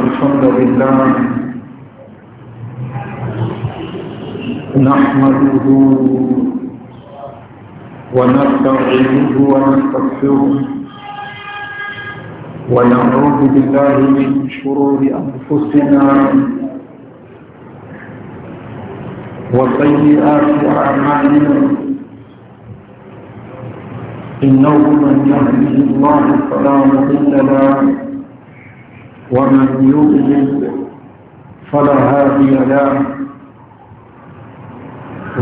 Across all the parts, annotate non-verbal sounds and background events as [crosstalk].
الحمد لله نحمده ونستعينه ونستغفره ونعوذ بالله من شرور انفسنا وسيئات اعمالنا انه من يهده الله فلا مضل له ومن يؤمن فلا هادي له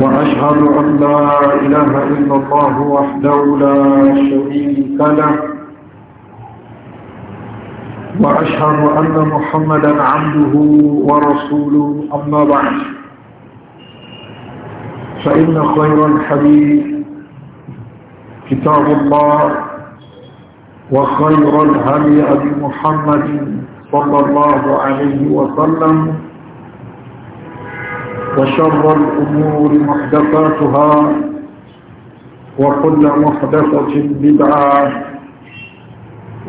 وأشهد أن لا إله إلا الله وحده لا شريك له وأشهد أن محمدا عبده ورسوله أما بعد فإن خير الحديث كتاب الله وخير الهدي أبي محمد صلى الله عليه وسلم وشر الأمور محدثاتها وكل محدثة بدعة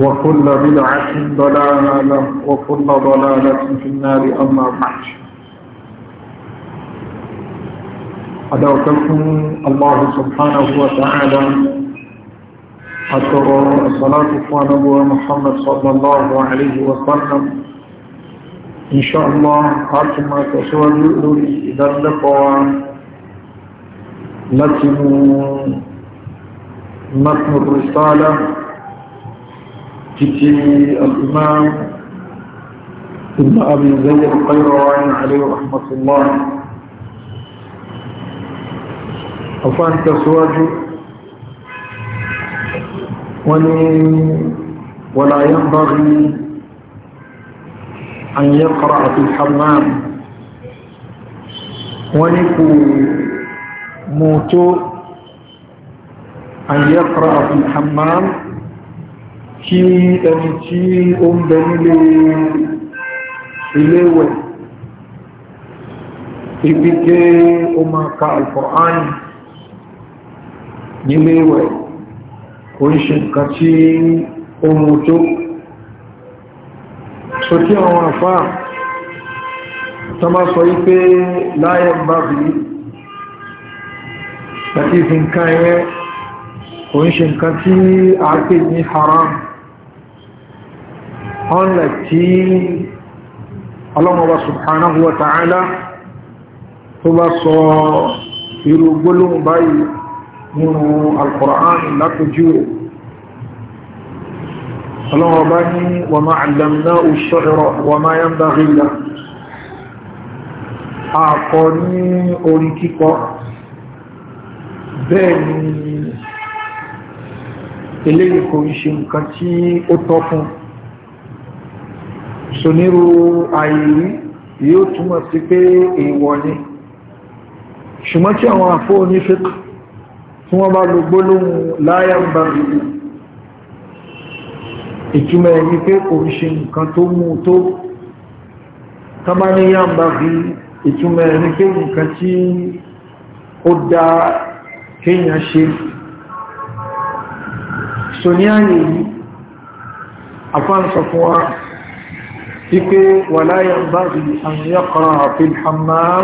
وكل بدعة ضلالة وكل ضلالة في النار أما بعد أدعوكم الله سبحانه وتعالى حتى الصلاة على محمد صلى الله عليه وسلم إن شاء الله أتما تسوي لوري إذا لقوا لكن متن الرسالة جتي الإمام ابن أبي زيد القيروان عليه رحمة الله أفان تسواجه wọ́n ní wala yanbaghi an yaqra'a fil hammam wọ́n ní kò mú tó an yaqra'a fil hammam kí ẹni tí ó ń bẹ nílé iléwẹ̀ ibi gẹ́ ó máa ka al-Qur'an níléwẹ̀ kò ń ṣe nǹkan tí ó mú tó so kí àwọn àfá tó máa sọ yí pé láyé bá bí láti fi nǹkan ẹ̀ nǹkan tí a pè ní haram ọ̀nà tí ọlọ́mọba subhanahu wa ta'ala tó bá sọ irú gbólóhùn báyìí nínú alkùrán lápójú rẹ̀ ọlọ́wọ́ bá ní wà máa àdàmná òṣèrọ wà máa yá ń bá rí lá àkọ́ ní orí kíkọ bẹ́ẹ̀ ni eléyìí kò ń nǹkan tí ó tọ́ fún sonírú àìrí yóò túmọ̀ sí pé èèwọ̀ ni ṣùgbọ́n tí àwọn àfóò ní tí wọ́n bá lo gbólóhùn láyàn bá rìí ìtumọ̀ ẹni pé kò nǹkan tó mú tó tàbáníyàn bá rìí ìtumọ̀ ẹni pé nǹkan tí ó dá kéèyàn ṣe so ní ààyè yìí afáǹsọ fún wa wípé wà láyàn bá rìí àwọn àfihàn máa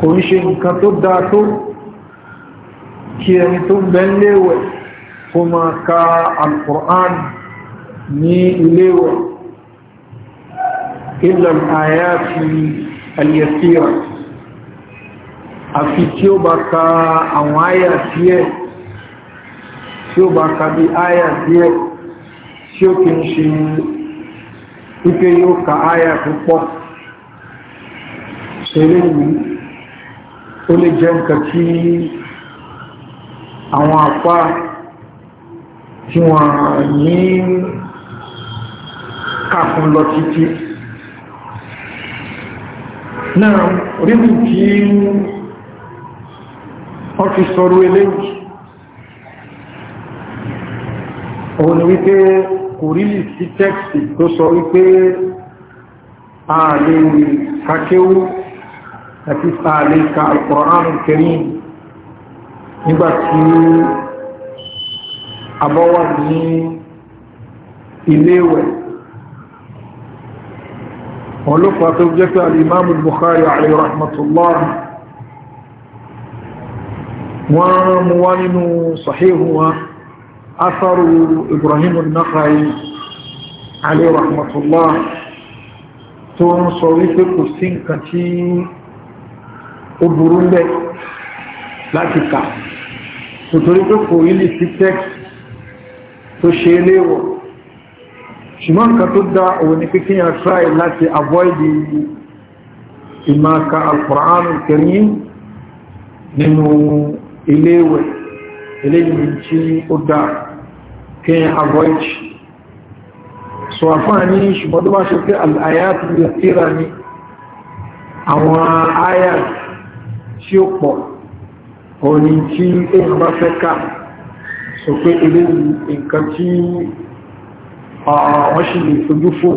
kò ń ṣe nǹkan tó dáa tó kí ẹni tó bẹ́ẹ̀lẹ́wẹ̀ kó máa ka alkùrán ní iléwẹ̀ ilẹ̀ àyàfi aliyasira àfi tí ó bá ka àwọn àyà díẹ̀ tí ó bá ka bí àyà díẹ̀ tí ó kí ń ṣe wípé yóò ka àyà tó ṣe lè wí ó lè jẹ́ nǹkan tí àwọn apá tí wọ́n ní kàfún lọ títí náà rírù tí wọ́n fi sọ̀rọ̀ eléyìí òun ni wípé kò rí sí tẹ́kìtì tó sọ wípé ààlè kàkéwú àti ààlè ka Al-Qur'an Karim nígbàtí abọ́wà ní iléèwẹ̀ ọlọ́pàá tó jẹ́ pé alìmáàmù Bukhari alayhi rahmatullah wọ́n mú wá nínú sahihu wa asaru Ibrahim an-Nakhai alayhi rahmatullah tó ń sọ wípé kò sí nǹkan tí ó burú lẹ́yìn láti kà nítorí pé kò ilé sí text tó ṣe léwọ̀ ṣùgbọ́n nǹkan tó dá òun ni pé kíyàn try láti avoid ìmáka al-Qur'an al-Karim nínú iléèwẹ̀ eléyìí tí ó dá kíyàn avoid so àfáàní ṣùgbọ́n tó bá ṣe pé al-ayat al-yasira ni àwọn ayat tí ó pọ̀ òní tí èyàn ba fe ka so pé ilé nǹkan tí wọ́n ṣe lè fojú fò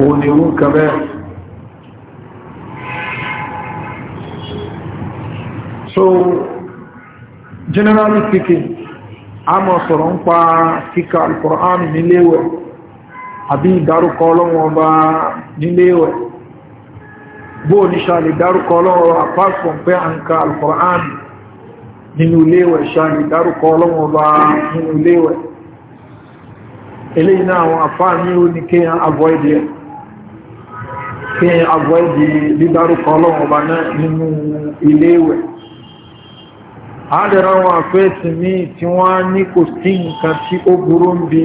òun ni so generally speaking a mọ̀ sọ̀rọ̀ ń pa kíkà al-Qur'an níléèwẹ̀ àbí ìdárúkọ ọlọ́wọ́n bá bó o ní ṣàlè dárúkọ ọlọ́run apart from pé à ń ka alukoran nínú iléèwẹ̀ ṣàlè dárúkọ ọlọ́run ọba nínú iléèwẹ̀ eléyìí náà àwọn àfáà ní ó ní kéèyàn avoid yẹn kéèyàn avoid dídárúkọ ọlọ́run ọba náà nínú iléèwẹ̀ àádẹ́ra wọn àfẹ́ẹ̀tì ní tí wọ́n ní kò sí nǹkan tí ó burú ń bi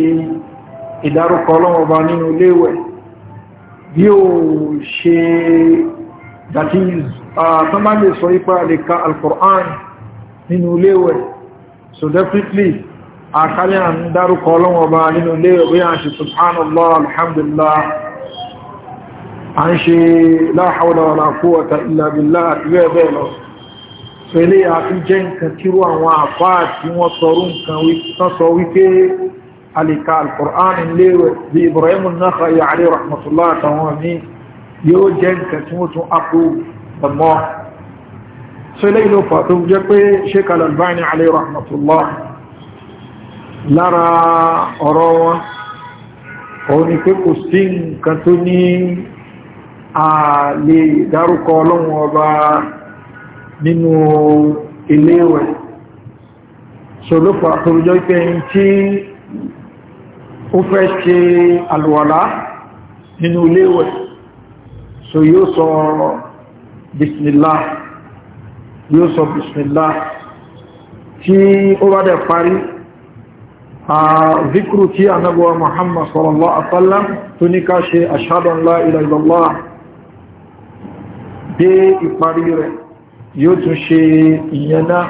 ìdárúkọ ọlọ́run ọba nínú iléèwẹ̀ bí ó ṣe that is tó uh, má lè sọ ipá lè al-Qur'an nínú léwẹ̀ so definitely àkálẹ̀ à ń dárúkọ ọlọ́wọ́ bá nínú léwẹ̀ bí a ṣe subhanallah alhamdulillah a ń ṣe la hawla wala quwwata illa billah àti bẹ́ẹ̀ bẹ́ẹ̀ lọ pẹ̀lẹ́ àfi jẹ́ nǹkan kíró àwọn àfáà tí wọ́n sọrú nǹkan sọ wípé alìka al-Qur'an léwẹ̀ bí Ibrahim an-Nakhai alayhi rahmatullah àtàwọn yóò jẹ́ nǹkan tí wọ́n tún apò ọmọ so ilé ìlú fà tó jẹ́ pé Sheikh Al-Albani alayhi rahmatullah lára ọ̀rọ̀ wọn òun ni pé kò sí nǹkan tó ní ààlè dárúkọ ọlọ́run ọba nínú ilé ìwẹ̀ so tó jẹ́ pé ẹni tí ó fẹ́ ṣe àlùwàlá nínú ilé ìwẹ̀ so yóò sọ bismillah yóò sọ bismillah tí ó bá dẹ̀ parí a zikru tí anábọ̀wà muhammad sallallahu alaihi wasallam tó ní ká ṣe ashhadu an la ilaha illallah dé ìparí rẹ̀ yóò tún ṣe ìyẹn náà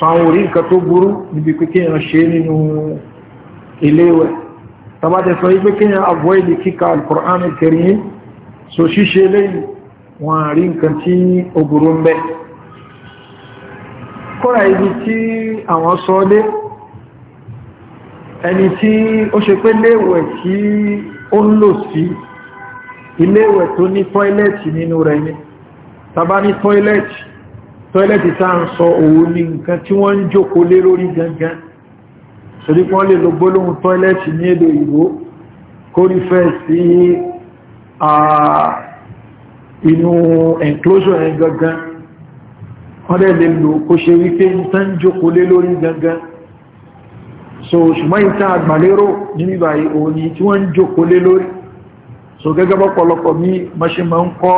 sáwọn orí nǹkan tó burú níbi pé kíyàn ṣe nínú iléwẹ̀ tàbátẹ̀ sọ ipé kíyàn avoid kíkà al-Qur'an al so ṣíṣe lẹ́yìn wọn rí nǹkan tí ó burú ń bẹ kọ́ra ibi tí àwọn sọ lé ẹni tí ó ṣe pé léèwẹ̀ tí ó ń lò sí iléèwẹ̀ tó ní tọ́ílẹ̀tì nínú rẹ̀ ni tàbá ní tọ́ílẹ̀tì tọ́ílẹ̀tì tá ń sọ òun ní nǹkan tí wọ́n ń jókòó lé lórí gangan torí lè lo gbólóhùn tọ́ílẹ̀tì ní èdè ìwó kórífẹ́ sí inú enclosure yẹn gangan wọ́n dẹ̀ lè lò kó ṣe wípé ń tán jókòó lé lórí gangan so ṣùgbọ́n ìta àgbàlérò nínú ìbàyí òní tí wọ́n ń jókòó lé lórí so gẹ́gẹ́ bọ́pọ̀lọpọ̀ mí mọ́ṣe ma ń kọ́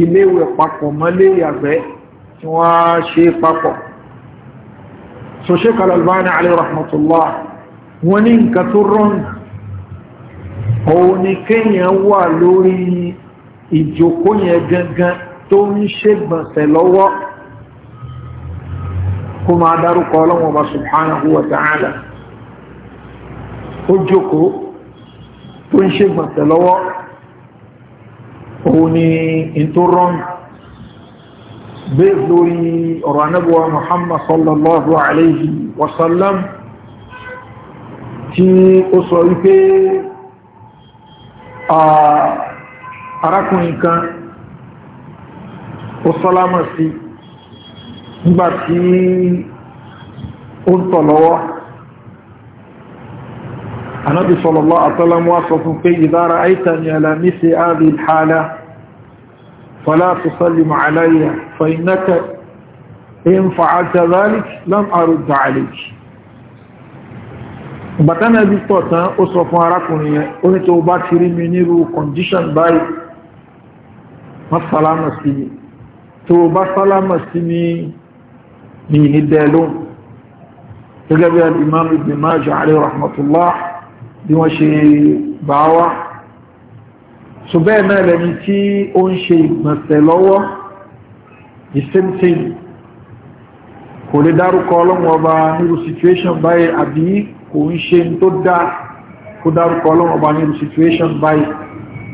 iléèwẹ̀ papọ̀ mọ́lé àgbẹ́ tí wọ́n ṣe papọ̀ so ṣe kalalbani alayhi rahmatullah wọ́n ní nǹkan tó rọ́nù òun ni kéèyàn wà lórí ìjòkó yẹn gangan tó ń ṣègbọ̀nsẹ̀ lọ́wọ́ kó máa dárúkọ ọlọ́wọ́n ọba subhanahu wa ta'ala ó jókòó tó ń ṣègbọ̀nsẹ̀ lọ́wọ́ òun ni ìtòrọ́nù bẹ́ẹ̀ lórí ọ̀rọ̀ anábọ̀wà muhammad sallallahu alayhi wa sallam tí ó sọ wípé arákùnrin kan ó sọ́lámọ̀ sí nígbà tí ó ń tọ̀ lọ́wọ́ anábi sọ̀lọ̀lọ́ àtọ́lámọ́ wá sọ fún pé ìdára àìta ni alamisi ààrí ìhàlá fọ́lá tó sọ́lìmọ̀ aláyà fọ́ ìnáka in fa'alta zalik lam arudda alayki bàtánà bí pọ̀ tán ó sọ fún arákùnrin yẹn ó ní tó bá ti rí mi nírú condition báyìí wọ́n sálámà sí mi tó bá sálámà sí mi ní ìdẹ́ lóhùn gẹ́gẹ́ bí al-imam ibn Majah alayhi rahmatullah bí wọ́n ṣe bá wá so bẹ́ẹ̀ náà lẹ́ni tí ó ń ṣe ìgbọ̀nsẹ̀ lọ́wọ́ the same thing kò lè dárúkọ ọlọ́run ọba nírú situation báyìí àbí kò ń ṣe tó dá kó dárúkọ ọlọ́run ọba nínú situation báyìí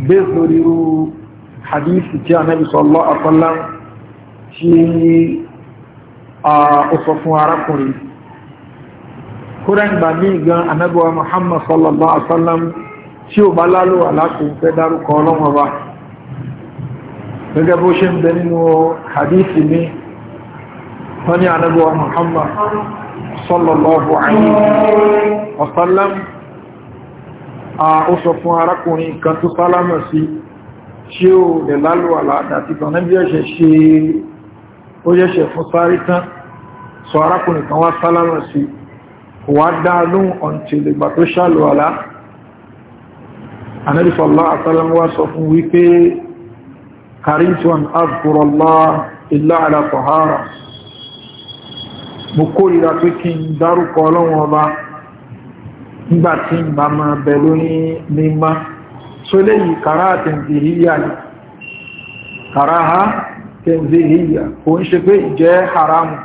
based lórí irú hadith tí Ànábì sallallahu alaihi wasallam tí ó sọ fún arákùnrin kódà ìgbà míì gan Ànábì Muhammad sallallahu alaihi wasallam tí ó bá lálò alákùn fẹ́ dárúkọ ọlọ́run ọba gẹ́gẹ́ bó ṣe ń bẹ nínú hadith mi wọ́n ní Ànábì Muhammad sallallahu alayhi wa sallam ó sọ fún arákùnrin kan tó sálámà sí tí ó lè lálùwàlá àti tànàbí ẹ̀ṣẹ̀ ṣe ó yẹ́ṣẹ̀ fún sáré tán sọ arákùnrin kan wá sálámà sí kò wá dáa lóhun ọ̀ntìlẹ̀gbà tó mo kórìíra pé kí n dárúkọ ọlọ́wọ́n ọba nígbà tí n bá máa bẹ lórí mímá tó léyìí kàrá àtẹ̀ǹdìhíyà ni kàrá ha tẹ̀ǹdìhíyà kò ń ṣe pé ìjẹ́ haramu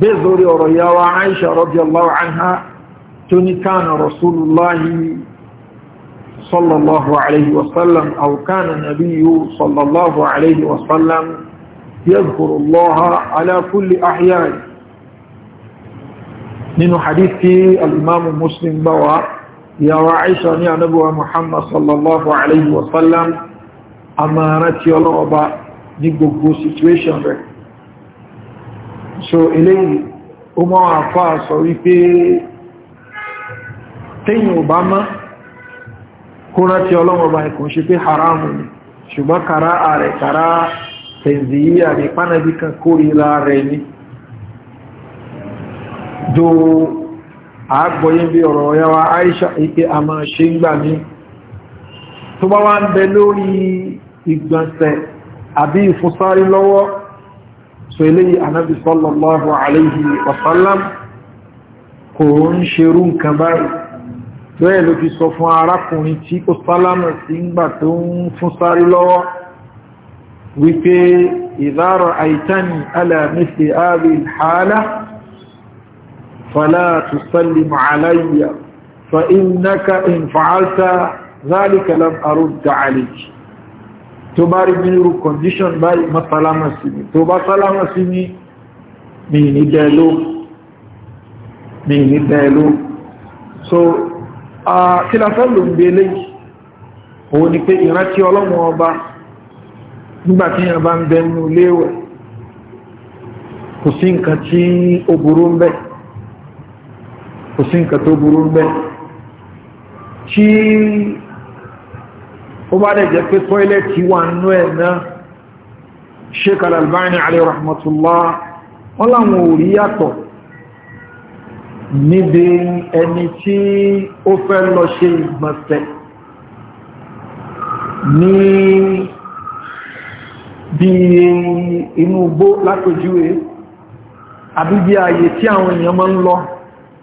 bẹ́ẹ̀ lórí ọ̀rọ̀ ìyá wa Aisha radiyallahu anha tó ní kánà rasulullahi sallallahu alayhi wa sallam aw kánà nabiyyu sallallahu alayhi wa sallam yadhkuru allaha ala kulli ahyani nínú hadithi al'imamu muslim bawa yawa aisha ní anabuwa muhammad sallallahu alaihi wasallam a máa rántí ọlọ́ọba ní gbogbo situation rẹ̀ so eléyìí ó mọ́ àfá sọ wípé tẹ́yìn ọba mọ́ kó rántí ọlọ́ọba ikùn ṣe pé haramu ni ṣùgbọ́n kàrá ààrẹ kàrá tẹ̀zìyí àrípánàbí kan kórìíra rẹ̀ ni do àgbọ́yé bí ọ̀rọ̀ ọ̀yá wa Aisha ike a máa ṣe ń gbà ní tó bá wá ń bẹ lórí ìgbọ̀nsẹ̀ àbí ìfúnsárí lọ́wọ́ so eléyìí anábi sallallahu alayhi wa sallam kò ń ṣerú nǹkan báyìí wípé idha ra'aytani ala mithli hadhihi فلا تسلم علي فإنك إن فعلت ذلك لم أرد عليك tó bá rí mínú condition báyìí má sálámà sí mi tó bá sálámà sí mi mi ní dẹ́lú mi ní dẹ́lú so kí la fẹ́ lò ń gbé lé òun ni pé ìrántí ọlọ́mọ ọba nígbàtí yàn bá ń bẹnu léwẹ̀ kò sí nǹkan tí ó burú ń bẹ́ẹ̀ kò sí nǹkan tó burú ń bẹ́ tí ó bá dẹ̀ jẹ́ pé tọ́ílẹ̀tì wà nínú ẹ̀ náà Sheikh Al-Albani alayhi rahmatullah wọ́n láwọn ò rí yàtọ̀ níbi ẹni tí ó fẹ́ lọ ní bí inú gbó lápèjúwe àbí bí ààyè tí àwọn èèyàn máa ń lọ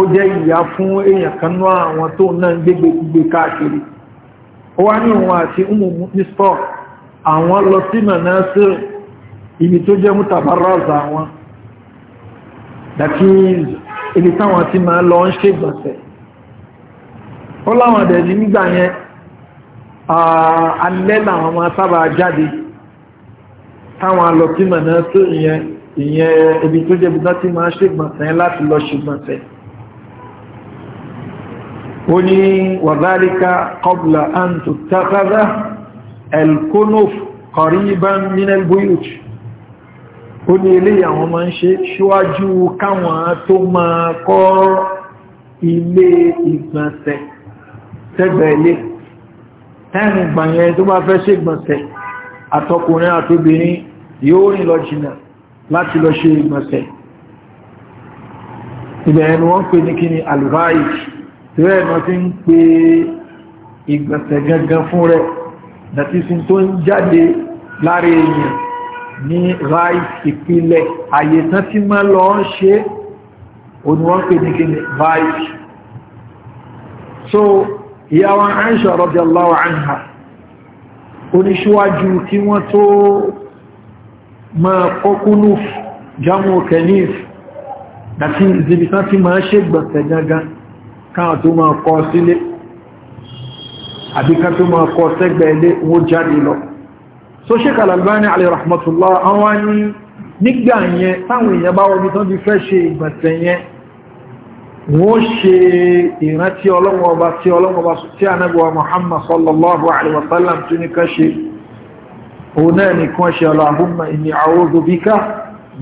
ó jẹ́ ìyá fún èèyàn kanú àwọn tó náà ń gbégbé gbígbé káàkiri ó wá ní òun àti umu nistor àwọn lọ sí manasir ibi tó jẹ́ mútàbárọ̀zà wọn that is ibi táwọn ti máa lọ ń ṣègbọ̀nsẹ̀ ó láwọn àdẹ̀lì nígbà yẹn alẹ́ làwọn máa sábà jáde táwọn lọ sí manasir ìyẹn ibi tó jẹ́ bí wọ́n ti máa ṣègbọ̀nsẹ̀ ó ní wàzálíká kọbùlà án tó tàkàzá elkonof kọ̀ríban minel buyut ó ní ilé àwọn ma ń ṣe ṣíwájú káwọn tó máa kọ́ ilé ìgbọ̀nsẹ̀ tẹ́gbẹ̀ẹ́lẹ́ tẹ́rìn ìgbàyẹn tó bá fẹ́ ṣe ìgbọ̀nsẹ̀ àtọkùnrin àtobìnrin yóò rìn lọ jìnà láti lọ ṣe ìgbọ̀nsẹ̀ ìbẹ̀ẹ̀nu wọ́n pè ní kí ni alvaij tẹ́rẹ náà ti ń pe ìgbẹ̀sẹ̀ gangan fún rẹ̀ dàtí sin tó ń jáde lára èèyàn ní ráì ìpìlẹ̀ àyè tán tí máa lọ ń ṣe oníwọ́n pè ní kíni ráì so ìyàwó Aisha radiyallahu anha oníṣíwájú kí wọ́n tó máa kọkúnú jamu kanif dàtí ìzìbìtán tí máa ṣe gbẹ̀sẹ̀ gangan káwọn tó máa kọ sílé àbíká tó máa kọ sẹ́gbẹ̀ẹ́ ilé wó jáde lọ so Sheikh Al-Albani alayhi rahmatullah àwọn ní nígbà yẹn táwọn èèyàn bá wọ́n bí tán bí fẹ́ ṣe ìgbẹ̀tẹ̀ yẹn wọ́n ṣe ìrántí ọlọ́wọ́ tí ọlọ́wọ́ tí anábíwa Muhammad sallallahu alayhi wa sallam tún ní kan ṣe òun náà ní kan ṣe Allahumma inni a'udhu bika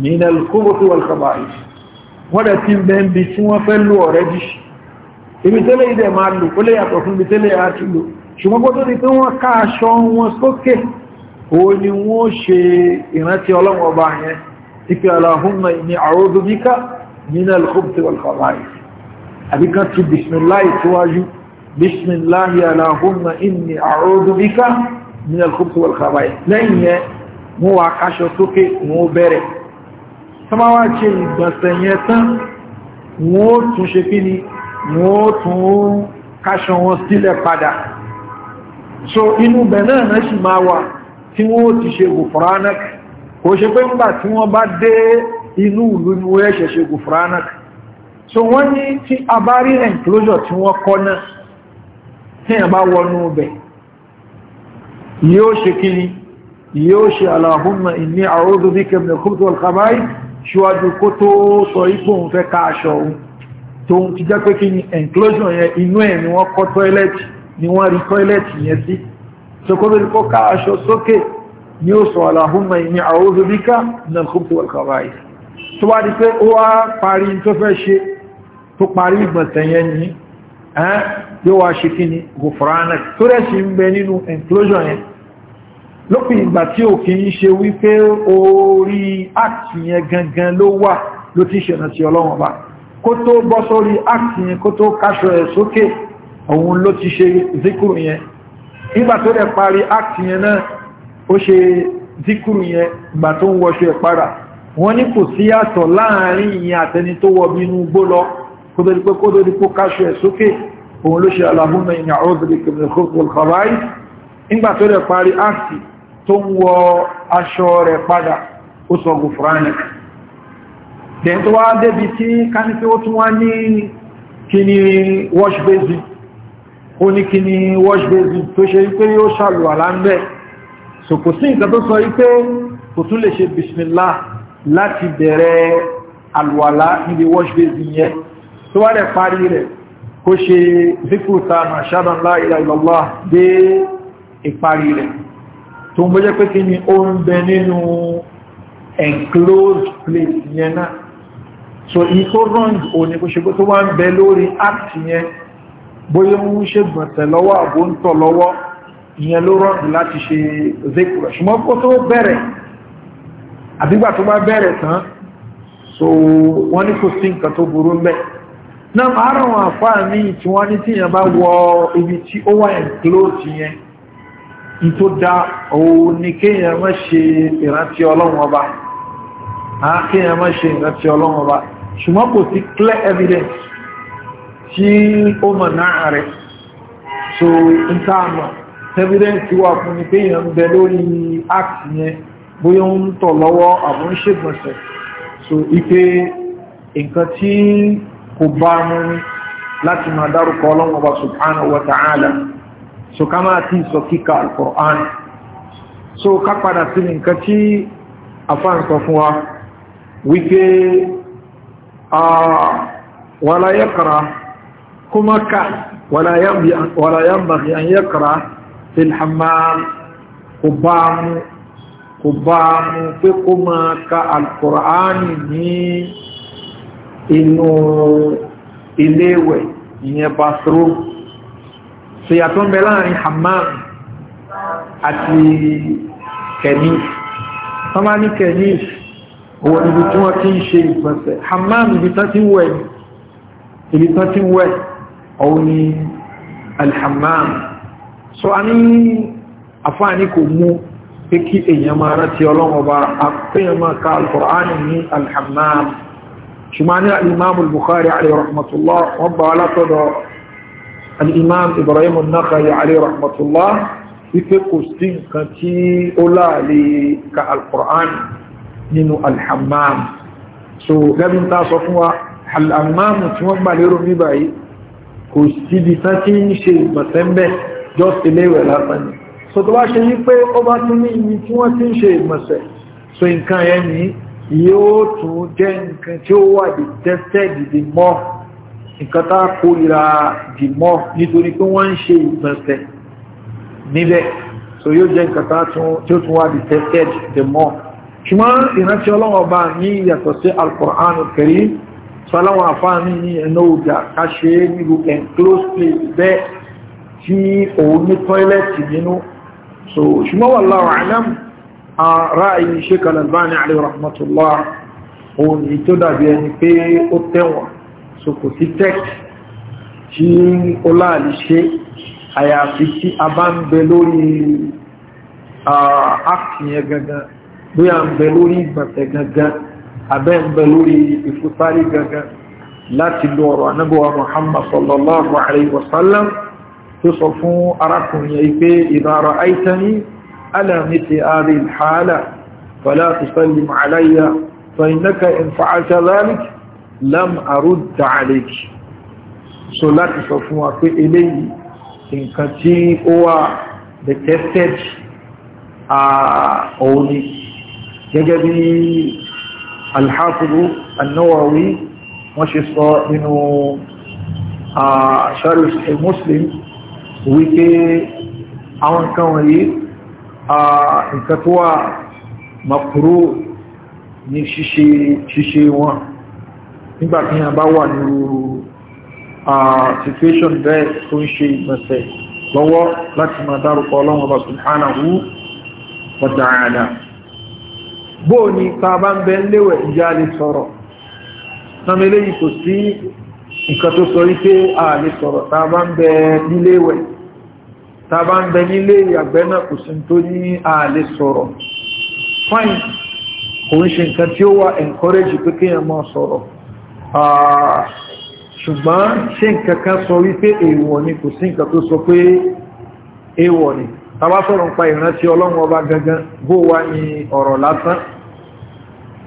min al-khubuthi wal khaba'ith wọ́n dẹ̀ ti bẹ́ẹ̀ bí tí wọ́n fẹ́ lú ọ̀rẹ́ jíṣẹ́ ibi tẹ́lẹ̀ ìdẹ̀ máa lò ó lè yàtọ̀ fún ibi tẹ́lẹ̀ àti lò ṣùgbọ́n kó tó di pé wọ́n ká aṣọ wọn sókè ó ní wọ́n ṣe ìrántí ọlọ́run ọba yẹn ipe Allahumma inni a'udhu bika min al-khubuthi wal-khaba'ith àbí kan ti bismillahi tíwájú bismillahi Allahumma inni a'udhu bika min al-khubuthi wal-khaba'ith lẹ́yìn káṣọ sókè wọ́n bẹ̀rẹ̀ sọ́máwá ṣe ìgbọ̀nsẹ̀ yẹn tán wọ́n tún ṣe kí ni ni ó tún káṣọ wọn sílẹ̀ padà so inú bẹ̀ náà náà sì máa wà tí wọ́n ti ṣe gùfúránàk kò ṣe pé ńgbà tí wọ́n bá dé inú ìlú ni wọ́n ẹ̀ṣẹ̀ ṣe gùfúránàk so wọ́n ní tí a bá rí enclosure tí wọ́n kọ́ náà tí a bá wọnú bẹ̀ yóò ṣe kíni yóò ṣe aláhùnmà ìní àródó bí kẹmẹ̀kúrò ṣíwájú kó tó sọ ipò ń fẹ́ káàṣọ ohun tó ń ti jẹ́ pé kí ni enclosure yẹn inú ẹ̀ ni wọ́n kọ́ tọ́ẹ̀lẹ̀tì ni wọ́n rí tọ́ẹ̀lẹ̀tì yẹn sí sokobiri kó ká aṣọ sókè ni ó sọ aláhùnmá ìní a'udhu bika min al-khubuthi wal-khaba'ith tó wá di pé ó wá parí tó fẹ́ ṣe tó parí ìgbọ̀nsẹ̀ yẹn ni yóò wá ṣe kí ni gòfòránà tó rẹ̀ sì ń bẹ nínú enclosure yẹn lópin ìgbà tí ò kí ń ṣe wípé orí act yẹn gangan ló wà ló ti ṣẹ̀nà ti ọlọ́wọ́n báyìí kó tó bọ́ sórí áàkì yẹn kó tó káṣọ ẹ̀ sókè òun ló ti ṣe zikuru yẹn nígbà tó rẹ̀ parí áàkì yẹn náà ó ṣe zikuru yẹn ìgbà tó ń wọṣọ ẹ̀ para wọ́n ní kò sí yàtọ̀ láàrin ìyẹn àtẹni tó wọ bí inú gbó lọ kó tó rẹ̀ parí áàkì tó ń wọ aṣọ rẹ̀ padà ó sọ gùfúránì dẹ̀ tó wá débi tí kánífẹ́ ó tún wá ní kíní wash basin ó ní kíní wash basin tó ṣe wípé yóò ṣàlù àlámbẹ̀ so kò sí ìgbà tó sọ wípé kò tún lè ṣe bismillah láti bẹ̀rẹ̀ alwala níbi wash basin yẹn tó wá rẹ̀ parí rẹ̀ kó ṣe zíkúta na ṣádàn la ilaha illallah dé ìparí rẹ̀ tó ń bọ́jẹ́ pé kí ni ó ń bẹ nínú enclosed place yẹn náà so in tó wrong o ní kó ṣe bó tó wá ń bẹ lórí act yẹn bóyá ń ṣe gbọ̀nsẹ̀ lọ́wọ́ àbó ń tọ̀ lọ́wọ́ ìyẹn ló wrong láti ṣe zekura ṣùgbọ́n kó tó bẹ̀rẹ̀ àbígbà tó bá bẹ̀rẹ̀ tán so wọ́n ní kò sí nǹkan tó burú mẹ́ náà máa ràn wọn àfáà ní tí wọ́n ní tíyàn bá wọ ibi tí ó wà enclosed yẹn in tó dá òun ní kéèyàn má ṣe ìrántí ọlọ́run ọba ṣùgbọ́n kò sí clear evidence tí ó mọ̀ náà rẹ̀ so n táàmà evidence wà fún ní pé èèyàn ń bẹ lórí act yẹn bóyá ń tọ̀ lọ́wọ́ àwọn ṣègbọ̀nsẹ̀ so ipe nǹkan tí kò bá mú ní láti máa dárúkọ ọlọ́run ọba subhanahu wa ta'ala so ká máa tí sọ kíkà al so ká padà sí nǹkan tí afáǹsọ fún wa wípé wala yaqra kuma ka wala yanbaghi an yaqra fil hammam kubamu kubamu pé kuma ka alqur'ani ní inú iléwẹ̀ ìyẹn bathroom so yàtọ̀ ń bẹ láàrin hammam àti kẹ̀ní tọ́mání kẹ̀ní òun níbi tí wọ́n ti ń ṣe ìgbọ̀nsẹ̀ hammam ibi tán ti wẹ̀ ibi tán ti wẹ̀ òun ni alhammam so a ní àfáàní kò mú pé kí èèyàn máa rántí ọlọ́run ọba àpéyàn máa ka alkur'an ní alhammam ṣùgbọ́n ní al'imam al-bukhari alayhi rahmatullah wọ́n bá wá látọ̀dọ̀ nínú alhammam so lẹ́bìn tá sọ fún wa alhammam tí wọ́n gbà lérò ní báyìí kò síbi tán ń ṣe ìgbọ̀nsẹ́ńbẹ̀ just iléèwẹ̀ lásán ni so tó wá ṣe yí pé ó bá tún ní ibi tí wọ́n ti ń ṣe ìgbọ̀nsẹ̀ so nǹkan yẹn ni yóò tún jẹ́ nǹkan tí ó wà detested the more nǹkan tá kó ìra the more nítorí pé wọ́n ń ṣe ìgbọ̀nsẹ̀ níbẹ̀ so yóò jẹ́ nǹkan tí ó tún wà detested the more ṣùgbọ́n ìrántí ọlọ́wọ́ bá ní yàtọ̀ sí alkùránù kẹrí sọ́láwọ́ àfáàní ní ẹ̀nà òjà káṣe nílùú enclosed place bẹ́ẹ̀ tí òun ní tọ́ílẹ̀tì nínú so ṣùgbọ́n wà láwọ̀ alam ara ìyí ṣe kalabani alẹ́ rahmatullah òun yìí tó dàbí ẹni àyàfi tí a bá ń bẹ lórí áàkì gangan bí a ń bẹ lórí ìgbàfẹ́ gangan abẹ́ ń bẹ lórí ìfúsárí gangan láti lo ọ̀rọ̀ anábọ̀wà muhammad sallallahu alayhi wa sallam tó sọ fún arákùnrin yìí pé ìdára aitani alamiti ari ìhàlà fala tusallim alayya fa innaka in òun ni gẹ́gẹ́ bí alhafidu annawawi wọ́n ṣe sọ nínú sharif muslim wípé àwọn nǹkan wọ̀nyí nǹkan tó wà makuru ní ṣíṣe wọn nígbàtí yàn bá wà nínú situation bẹ́ẹ̀ tó ń ṣe ìgbẹ̀sẹ̀ lọ́wọ́ láti máa dárúkọ ọlọ́wọ́ bá subhanahu wa ta'ala bóò ni tàbá ń bẹ léwẹ̀ ìyá lè sọ̀rọ̀ sọmọlé yìí kò sí nǹkan tó sọ wípé a lè sọ̀rọ̀ tàbá ń bẹ níléwẹ̀ tàbá ń bẹ nílé ìyàgbẹ́ náà kò sí tó ní a lè sọ̀rọ̀ fine kò ń ṣe nǹkan tí ó wà encourage pé kí ẹmọ sọ̀rọ̀ ṣùgbọ́n ṣe nǹkan kan sọ wípé èèwọ̀ ni kò sí nǹkan tó sọ pé èèwọ̀ ni tàbá sọ̀rọ̀ ń pa ìrántí ọlọ́run ọba gangan bó wá ní ọ̀rọ̀ lásán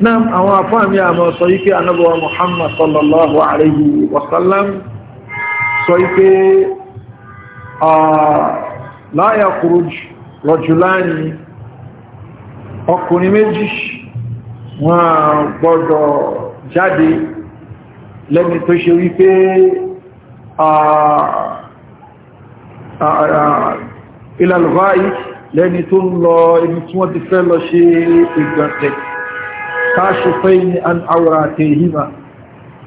náà àwọn afáàmì àmọ́ sọ yí pé anábọ̀wà Muhammad sallallahu alayhi wa sallam sọ yí pé la yakhruj rajulani ọkùnrin méjì wọ́n gbọ́dọ̀ jáde lẹ́ni tó ṣe wípé ìlàlùfáà lẹ́ni tó ń lọ ibi tí wọ́n ti fẹ́ lọ ṣe ìgbọ̀nsẹ̀ káṣífẹ́yìn an àwòrán àtẹ̀yìnmá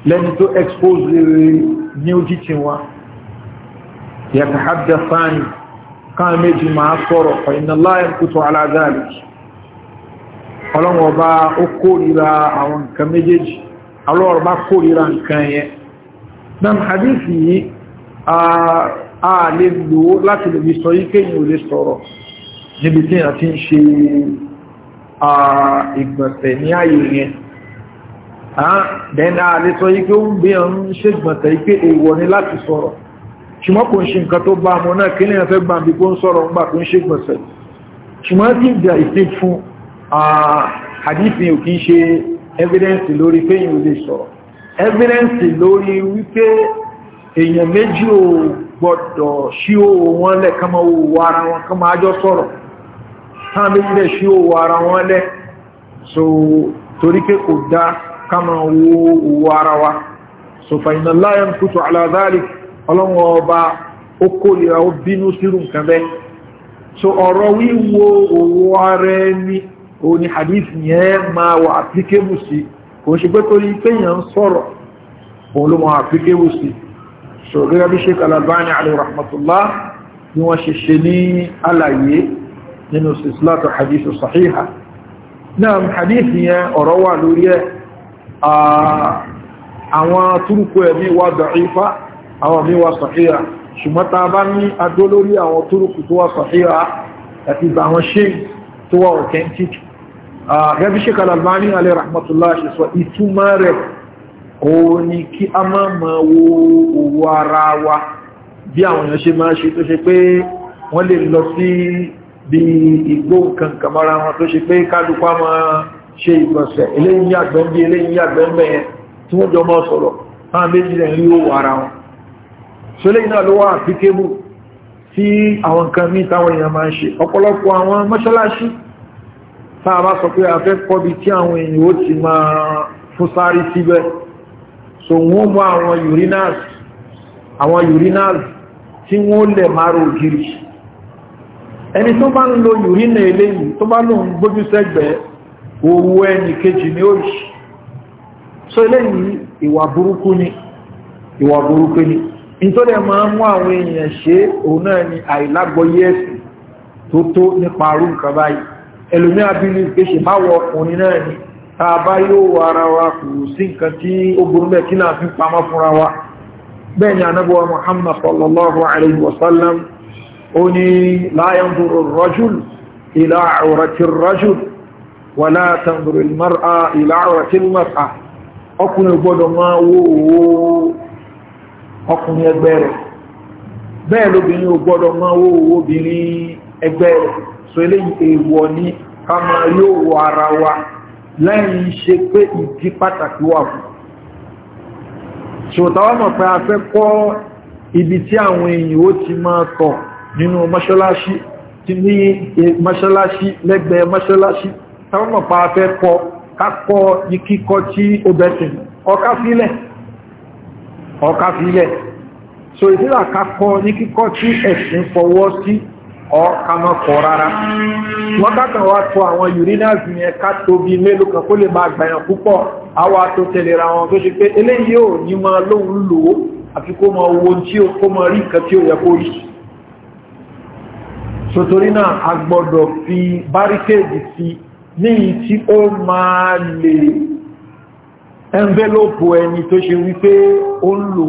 lẹ́ni tó expose ní ojítí wọn yàtà hajjá sáàni káà méjì máa sọ̀rọ̀ fàyínàláyàn kútó aláàzáàlì ọlọ́wọ́ bá ó kórìíra àwọn nǹkan méjèèjì alọ́wọ́ bá kórìíra nǹkan yẹn náà hadithi yìí a lè lò láti lè fi sọ yí kéyìn ò lè sọ̀rọ̀ níbi tí a ti ń ṣe ìgbọ̀nsẹ̀ ní ààyè yẹn dẹ́nà àlè sọ yíké ó ń gbé ọ̀run ṣe gbọ̀nsẹ̀ yíké èèwọ̀ ni láti sọ̀rọ̀ ṣùgbọ́n kò ń ṣe nǹkan tó bá mọ́ náà kí lèyàn fẹ́ gbàǹbí kó ń sọ̀rọ̀ ńgbà tó ń ṣe gbọ̀nsẹ̀ ṣùgbọ́n tí ìjà ìpín fún àdífin ò kí ń ṣe evidence lórí pé èèyàn lè sọ̀rọ̀ evidence lórí wípé èèyàn méjì ò gbọ́dọ̀ ṣí òwò wọn lẹ̀ kán máa tán méjì lẹ̀ ṣí owó ara wọn lẹ́ so torí pé kò dá ká máa owó ara wa so fàyínà láyọ̀n kùtù aláàzáàlì ọlọ́wọ́ ọba ó kórìíra ó bínú sírù nǹkan bẹ́ẹ̀ so ọ̀rọ̀ wíwo owó ara ẹni òun ni hadith yẹn máa wà àplikébù sí kò ṣe pé torí pé yẹn sọ̀rọ̀ òun ló máa àplikébù sí so gẹ́gẹ́ bí sheik Al-Albani alayhi rahmatullah ni wọ́n ṣe ṣe ní àlàyé nínú sísílátà hadithu sahiha náà hadithu yẹn ọ̀rọ̀ wà lórí ẹ̀ àwọn túrùkù ẹ̀ mi wà dọ̀ífà àwọn mi wà sahiha ṣùgbọ́n ta bá ní adó lórí àwọn túrùkù tó wà sahiha àti àwọn ṣe tó wà authentic gẹ́bí ṣe kalalbani alẹ́ rahmatullah ṣe sọ ìtumọ̀ rẹ̀ òun ni kí a máa ma wo owó ara wa bí àwọn èèyàn ṣe máa ṣe tó ṣe pé wọ́n lè lọ sí bí igbó nǹkan kàmọ́ra wọn tó ṣe pé kálukú a máa ṣe ìgbọ̀nsẹ̀ eléyìn yàgbẹ́ bí eléyìn yàgbẹ́ mẹ́ẹ̀ tí wọ́n jọ mọ́ sọ̀rọ̀ máa méjì rẹ̀ rí owó ara wọn so lẹ́yìn náà ló wà àfikébù tí àwọn nǹkan míì táwọn èèyàn máa ń ṣe ọ̀pọ̀lọpọ̀ àwọn mọ́ṣáláṣí tá a bá sọ pé a fẹ́ kọ́bi tí àwọn èèyàn ó ti máa fún sáré síbẹ̀ so wọ́n mú àwọn urinals àwọn urinals tí wọ́n lẹ̀ máa rò ògiri ẹni tó bá ń lo yìí ní eléyìí tó bá lóun gbójú sẹ́gbẹ̀ẹ́ owó ẹni kejì ní òṣì so eléyìí ìwà burúkú ni ìwà burúkú ni nítorí máa mú àwọn èèyàn ṣe òun náà ni ẹ̀sìn tó tó nípa arú nǹkan báyìí ẹlòmí má wọ ọkùnrin náà ni tá a bá yóò wọ ara wa kù sí nǹkan tí ó burú kí náà fi pamọ́ fúnra wa bẹ́ẹ̀ ni Muhammad sallallahu oni la yanzuru rajul ila aurati rajul wa la tanzuru almar'a ila aurati almar'a ọkùnrin gbọ́dọ̀ máa wò wò ọkùnrin ẹgbẹ́ rẹ̀ bẹ́ẹ̀ lóbìnrin ò gbọ́dọ̀ máa wò wò obìnrin ẹgbẹ́ rẹ̀ so eléyìí èèwọ̀ ni ká máa yóò wọ ara wa lẹ́yìn ṣe pé ìdí pàtàkì wà fún ṣòtáwọ́mọ̀ pé a fẹ́ kọ́ ibi tí àwọn èèyàn ó ti máa tọ̀ nínú mọ́ṣáláṣí ti ní e mọ́ṣáláṣí lẹ́gbẹ̀ẹ́ mọ́ṣáláṣí táwọn mọ̀pá afẹ́ kọ kákọ́ ní kíkọ́ tí ó bẹ̀sìn ọká sílẹ̀ ọká so ìdílà kákọ́ ní kíkọ́ tí ẹ̀sìn fọwọ́ sí ọ̀ọ́ká mọ́ kọ rárá wọ́n kákan wá tó àwọn urinals yẹn ká tóbi mélòó kan kó lè máa gbàyàn púpọ̀ àwọn àtò tẹ̀lera wọn tó ṣe pé eléyìí ò ní máa lóhun lò àfi kó mọ owó tí ó kó mọ rí nǹkan tí ó yẹ kó yìí sotori náà a gbọ́dọ̀ fi báríkéèdì sí ní yìí tí ó máa lè ẹnvẹ́lópù ẹni tó ṣe wípé ó ń lò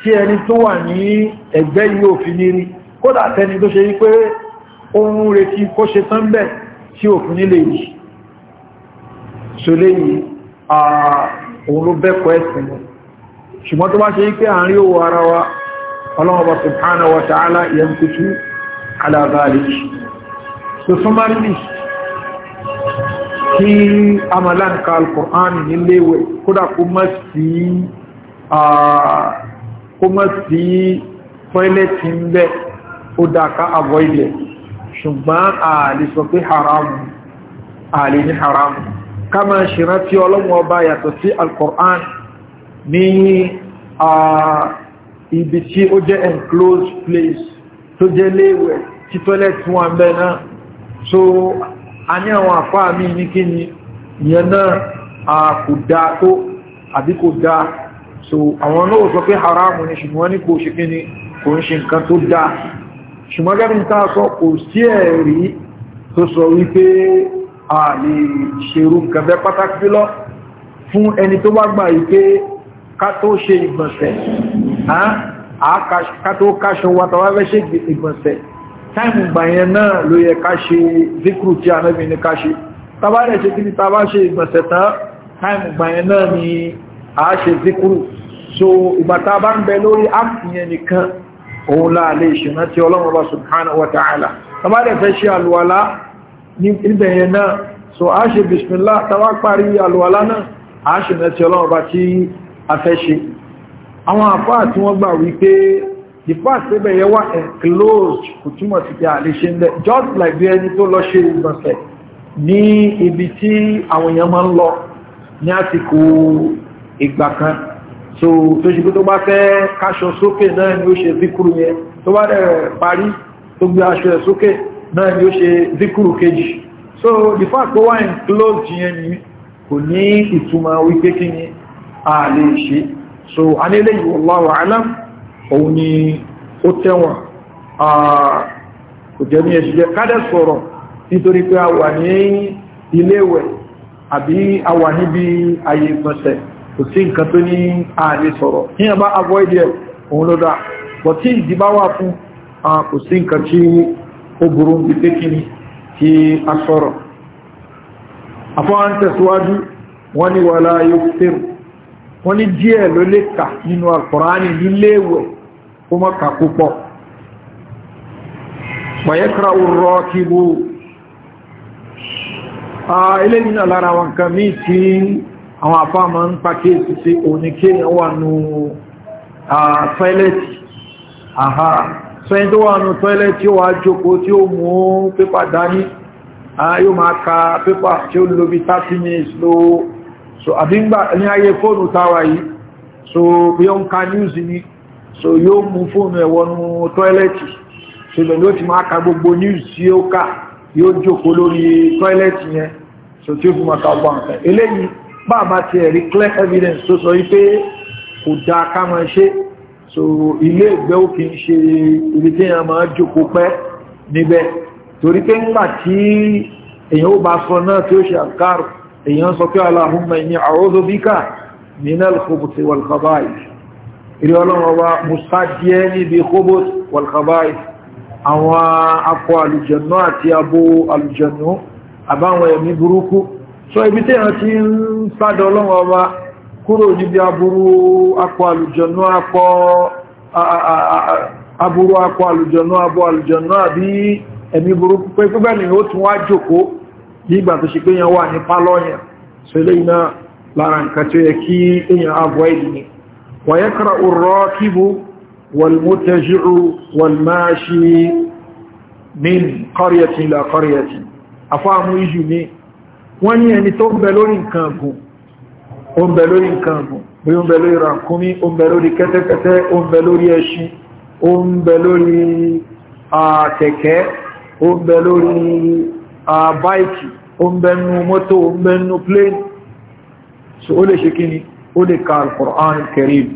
tí ẹni tó wà ní ẹgbẹ́ yìí òfin ní rí kódà tẹni tó ṣe wípé ohun retí kó ṣe tán bẹ̀ tí òfin nílé yìí so léyìí òun ló bẹ́kọ̀ ẹ̀sìn mọ́ ṣùgbọ́n tó bá ṣe wípé àárín òwò ara wa ọlọ́wọ́ subhanahu wa ta'ala yẹn kutu ala dhalik so summarily kí amalan ka alkur'an níléèwé kódà kó má sí kó má sí tọ́ílẹ̀tì ń bẹ́ ó dáka avoid it ṣùgbọ́n ààlè sọ pé haramu ààlè ní haramu ká máa ṣìrántí ọlọ́mọ ọba yàtọ̀ sí alkur'an ní ibi tí ó jẹ́ enclosed place tó jẹ́ léèwẹ̀ tí tọ́lẹ̀tì wọn bẹ́ náà so a ní àwọn àpá mi ní kí ni ìyẹn náà a kò dá tó àbí kò dá so àwọn náà sọ pé haramu ni ṣùgbọ́n ní kò ṣe kí ni kò ń ṣe nǹkan tó dá ṣùgbọ́n gẹ́gẹ́ bí ta sọ kò sí ẹ̀rí tó sọ wípé a lè ṣerú nǹkan pátákì lọ fún ẹni tó bá gbà yìí ká tó ṣe ìgbọ̀nsẹ̀ àkàtó káṣọ wàtàwàfẹ́ṣẹ́ ìgbọ̀nsẹ̀ táìmù gbàyẹn náà ló yẹ káṣe zikru tí anábì ní káṣe tàbárẹ̀ ṣe kí ní tàbá ṣe ìgbọ̀nsẹ̀ tán táìmù gbàyẹn náà ni a ṣe zikru so ìgbàta bá ń bẹ lórí áàkìyàn nìkan àwọn àfáà tí wọ́n gbà wípé the past ẹgbẹ̀ yẹ wá enclosed kò túnmọ̀ sí pé àlèṣe ń lẹ̀ just like bí ẹni tó lọ ṣe ìgbọ̀nsẹ̀ ní ibi tí àwọn èèyàn máa ń lọ ní àsìkò ìgbà kan so tó ṣe pé tó bá fẹ́ káṣọ sókè náà ni ó ṣe zikuru yẹn tó bá rẹ̀ parí tó gbé aṣọ ẹ̀ sókè náà ni ó ṣe zikuru kejì so the past, pé wá enclosed yẹn ni kò ní ìtumọ̀ wípé kí ni àlè ṣe so a ní ilé ìwò láwọ̀ ni ó tẹ́wọ̀n kò jẹ́ ní kádẹ̀ sọ̀rọ̀ nítorí pé a wà ní iléèwẹ̀ àbí a wà níbi ayé ìgbọ̀nsẹ̀ kò sí nǹkan tó ní ààrẹ sọ̀rọ̀ ní ẹ̀bá avoid wọ́n ní díẹ̀ ló lè kà nínú alkùránì níléèwẹ̀ kó mọ́ kà púpọ̀ pọ̀yẹ́kra òrọ̀ kí bú eléyìn náà lára wọn kan mí tí àwọn àfáàmọ́ ń pàkíyèsí sí oníkéyàn wà nù tọ́ẹ̀lẹ̀tì àhá sọ́yìn tó yóò máa ka pépà tí ó lóbi 30 minutes lóó so abinba ni aye fóònù táwà yìí so bí ó ka news ni so yóò mú fóònù ẹ̀ wọnú tọ́ẹ̀lẹ̀tì so ìbẹ̀ ló ti máa ka gbogbo news tí ó yóò jókòó lórí tọ́ẹ̀lẹ̀tì yẹn so tí ó fi máa ka ọgbà nǹkan eléyìí bá a bá ti ẹ̀rí clear evidence tó sọ wípé kò dáa ká máa ṣe so ilé ìgbẹ́ ó kì í ṣe ibi tí èèyàn máa jókòó pẹ́ níbẹ̀ torí pé ńgbà tí èèyàn ó bá sọ náà tí ó ṣe àkárò èyàn sọ pé aláhùnmọ̀ ìní àwọ́dó bíkà minal khubut wal khaba'ith ìrí ọlọ́run wa musa díẹ̀ níbi khubut wal khaba'ith àwọn akọ alùjẹ̀nú àti abo alùjẹ̀nú àbáwọn ẹ̀mí burúkú sọ ibi tí wọ́n ti ń sádọ ọlọ́run ọba kúrò nígbà tó ṣe pé yẹn wà ní pálọ́ yẹn so ilé iná lára nǹkan tí ó yẹ kí èyàn avoid ni wọ́n yẹ kára òrọ́ kíbu wọlmọ́tẹ́jìrù wọlmáṣí min kọ́rìyàtì ilẹ̀ kọ́rìyàtì afáàmú ìjù ní wọ́n ní ẹni tó ń bẹ lórí nǹkan gùn ó ń bẹ bẹ lórí ẹṣin ó ń bẹ lórí ó ń bẹnu mọ́tò ó ń bẹnu plane so ó lè ṣe kí ni ó lè ka al-Qur'an al-Karim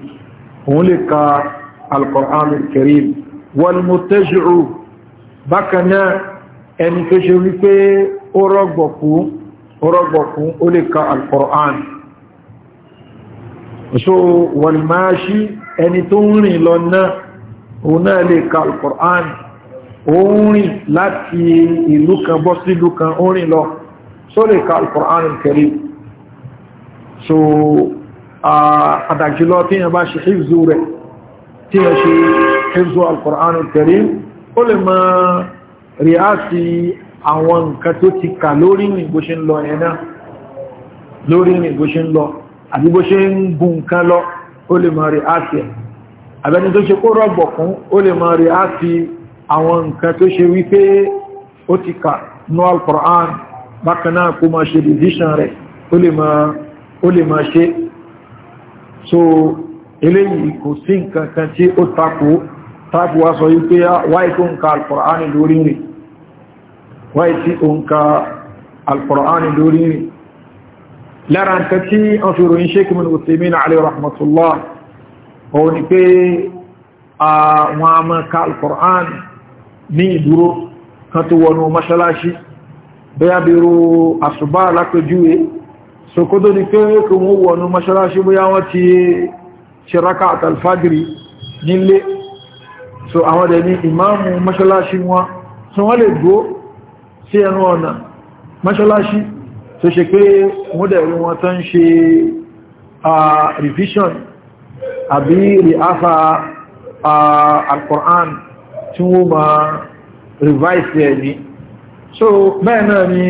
òun lè ka al-Qur'an al-Karim wal-mutaji'u bákan náà ẹni tó ṣe wípé ó rọ̀gbọ̀kú ó lè ka al so wal ẹni tó ń rìn lọ náà òun náà lè ka al ó ń rìn láti ìlú kan bọ́ sí ìlú kan ó rìn lọ sólè ka alkùránì kẹrì so uh, àdàjìlọ tí yẹn bá ṣe hìfzú rẹ̀ tí yẹn ṣe hìfzú alkùránì kẹrì ó lè mọ́ rí á sí àwọn nǹkan tó ti kà lórí ní bó ṣe ń lọ ẹ̀nà lórí ní bó ṣe ń lọ àbí bó ṣe ń gùn nǹkan lọ ó lè mọ́ rí á sí ẹ̀ àbẹ́ni tó ṣe kó rọ̀gbọ̀ fún ó lè mọ́ rí á sí àwọn nǹkan tó ṣe wípé ó ti kà ní alkùránì bákan náà kó máa ṣe decision rẹ̀ ó lè máa ṣe so eléyìí kò sí nǹkan kan tí ó takò tábù wá sọ wípé ah, wáyé tó ń ka alkùránì lórí rẹ̀ wáyé tí ó ń ka alkùránì lórí rẹ̀ lára nǹkan tí wọ́n fi ròyìn ṣe kí òtèmínà alẹ́ rahmatullah bóyá bí ro àṣùbá alápẹjúwé sókódó ni pé kí wọ́n wọnú mọ́ṣálásí bóyá wọ́n ti ṣeraka àtàlfàgìrì nílé so àwọn dẹ̀ ni ìmáàmù mọ́ṣálásí wọn tí wọ́n lè dúó sí ẹnu revision àbí riafa al-Qur'an tí wọ́n revise ẹ̀ so bẹ́ẹ̀ náà ni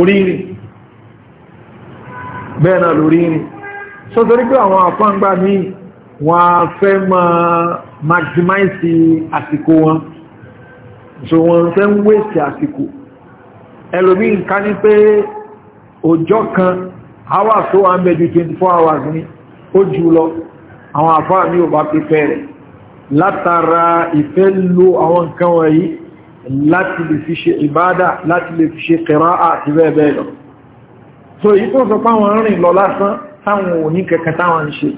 orírìn bẹ́ẹ̀ náà lórírìn so torí pé àwọn àfáǹgbà ní wọ́n fẹ́ ma maximize àsìkò wọn so wọ́n fẹ́ ń wéṣì àsìkò ẹlòmí nká ní pé ọjọ́ kan hours tó wà ń bẹ ju 24 hours ní ó jù lọ àwọn àfáà ní ò bá pípẹ́ rẹ̀ látara ìfẹ́ lo àwọn nǹkan wọ̀nyí láti lè fi ṣe ìbádà láti lè fi ṣe kẹrá àti bẹ́ẹ̀ bẹ́ẹ̀ lọ so èyí tó sọ páwọn rìn lọ lásán táwọn ò ní kankan táwọn ń ṣe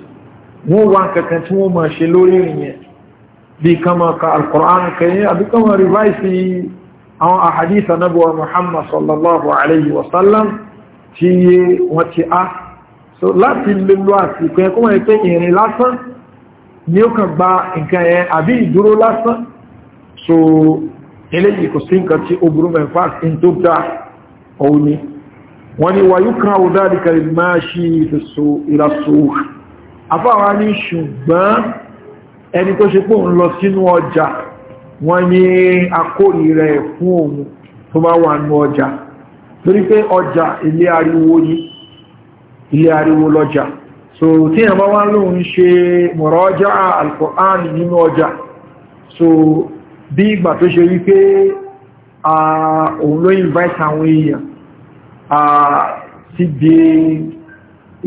wọ́n wá kankan tí wọ́n máa ṣe lórí ìyẹn bí kama ka alkùrán kẹyìn àbí rìváìsì àwọn àhàdísà nábọ̀wà muhammad sallallahu alayhi wa sallam tí wọ́n ti á so láti lè lo àsìkò yẹn kó wọ́n yẹ pé ìrìn lásán ni ó kàn gba nǹkan yẹn àbí ìdúró lásán so eléyìí kò sí nǹkan tí ó burú mẹ́fà sí tó dá òun ni wọ́n ni wàyú kan ó dáadì kàrí máa ṣí ìrasò afáwà ní ṣùgbọ́n ẹni tó ṣe pé òun lọ sínú ọjà wọ́n ni akórí rẹ̀ fún òun tó bá wà nú ọjà torí pé ọjà ilé ariwo ni ilé ariwo lọ́jà so tí ẹ̀bá wá lóun ṣe mọ̀rọ̀ ọjà alkùnrin nínú ọjà so bí ìgbà tó ṣe wípé òun ló invite àwọn èèyàn ti di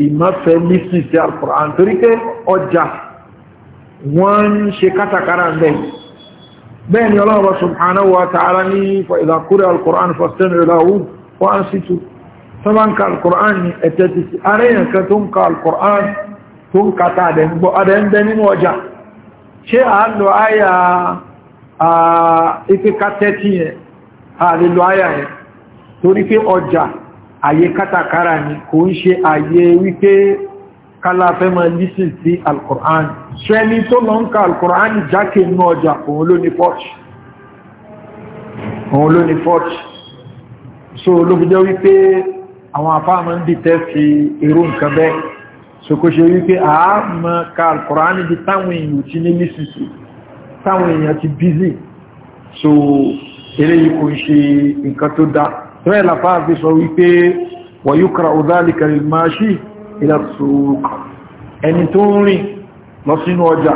ìmọ́fẹ́ lísì sí alkùnrin torí pé ọjà wọ́n ń ṣe kátàkárà ń bẹ̀yìn bẹ́ẹ̀ ni ọlọ́rọ̀ subhanahu wa ta'ala ní idha quri'a alkùnrin fastami'u lahu wa ansitu sọ́bá ipe kátẹ́tì yẹn àlèlò àyà yẹn torí pé ọjà àyè kátàkárà ni kò ń ṣe àyè wípé kálá fẹ́ máa lísìn sí alkùrán ṣẹ́ni tó lọ ń ka alkùrán jákè nínú ọjà òun ló ní pọ́ọ̀ṣì òun ló ní pọ́ọ̀ṣì so ló fi jẹ́ wípé àwọn afáàmà ń dìtẹ́ sí irú nǹkan bẹ́ẹ̀ so kò ṣe wípé àá mọ ka alkùrán bí táwọn èèyàn ti ní lísìn sí i táwọn èèyàn ti bízì so eré yìí kò ń ṣe nǹkan tó dá rẹ̀ làfá àfi sọ wípé wọ́n yóò máa ṣí ìlàtòrùkà ẹni tó ń rìn lọ sínú ọjà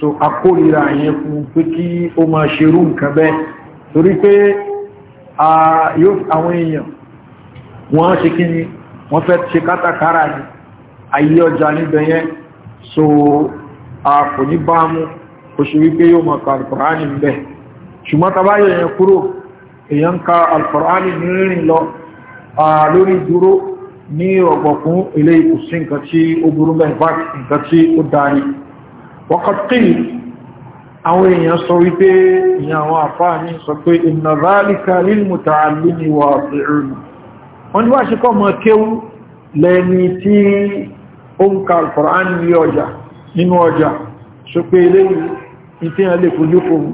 so akórira yẹn fún pé kí ó máa ṣerú nǹkan bẹ́ẹ̀ torí pé àwọn èèyàn wọ́n ṣe kí ni wọ́n fẹ́ ṣe kátàkárà ní ayé ọjà níbẹ̀ yẹn so a kò ní bá mú oṣù wípé yóò mọ̀ ka alkùránì ń bẹ̀ ṣùgbọ́n tàbáyọ̀ yẹn kúrò èyàn ka alkùránì rírìn lọ lórí dúró ní ọgbọ̀kún ilé ìkùsí nǹkan tí ó burú mẹ́fà nǹkan tí ó dáni wọ́kàtí àwọn èèyàn sọ wípé ìyàn àwọn àfáà ní sọ pé inna zalika lil nínú ọjà ṣe pé eléyìí ìfihàn lè fojú fún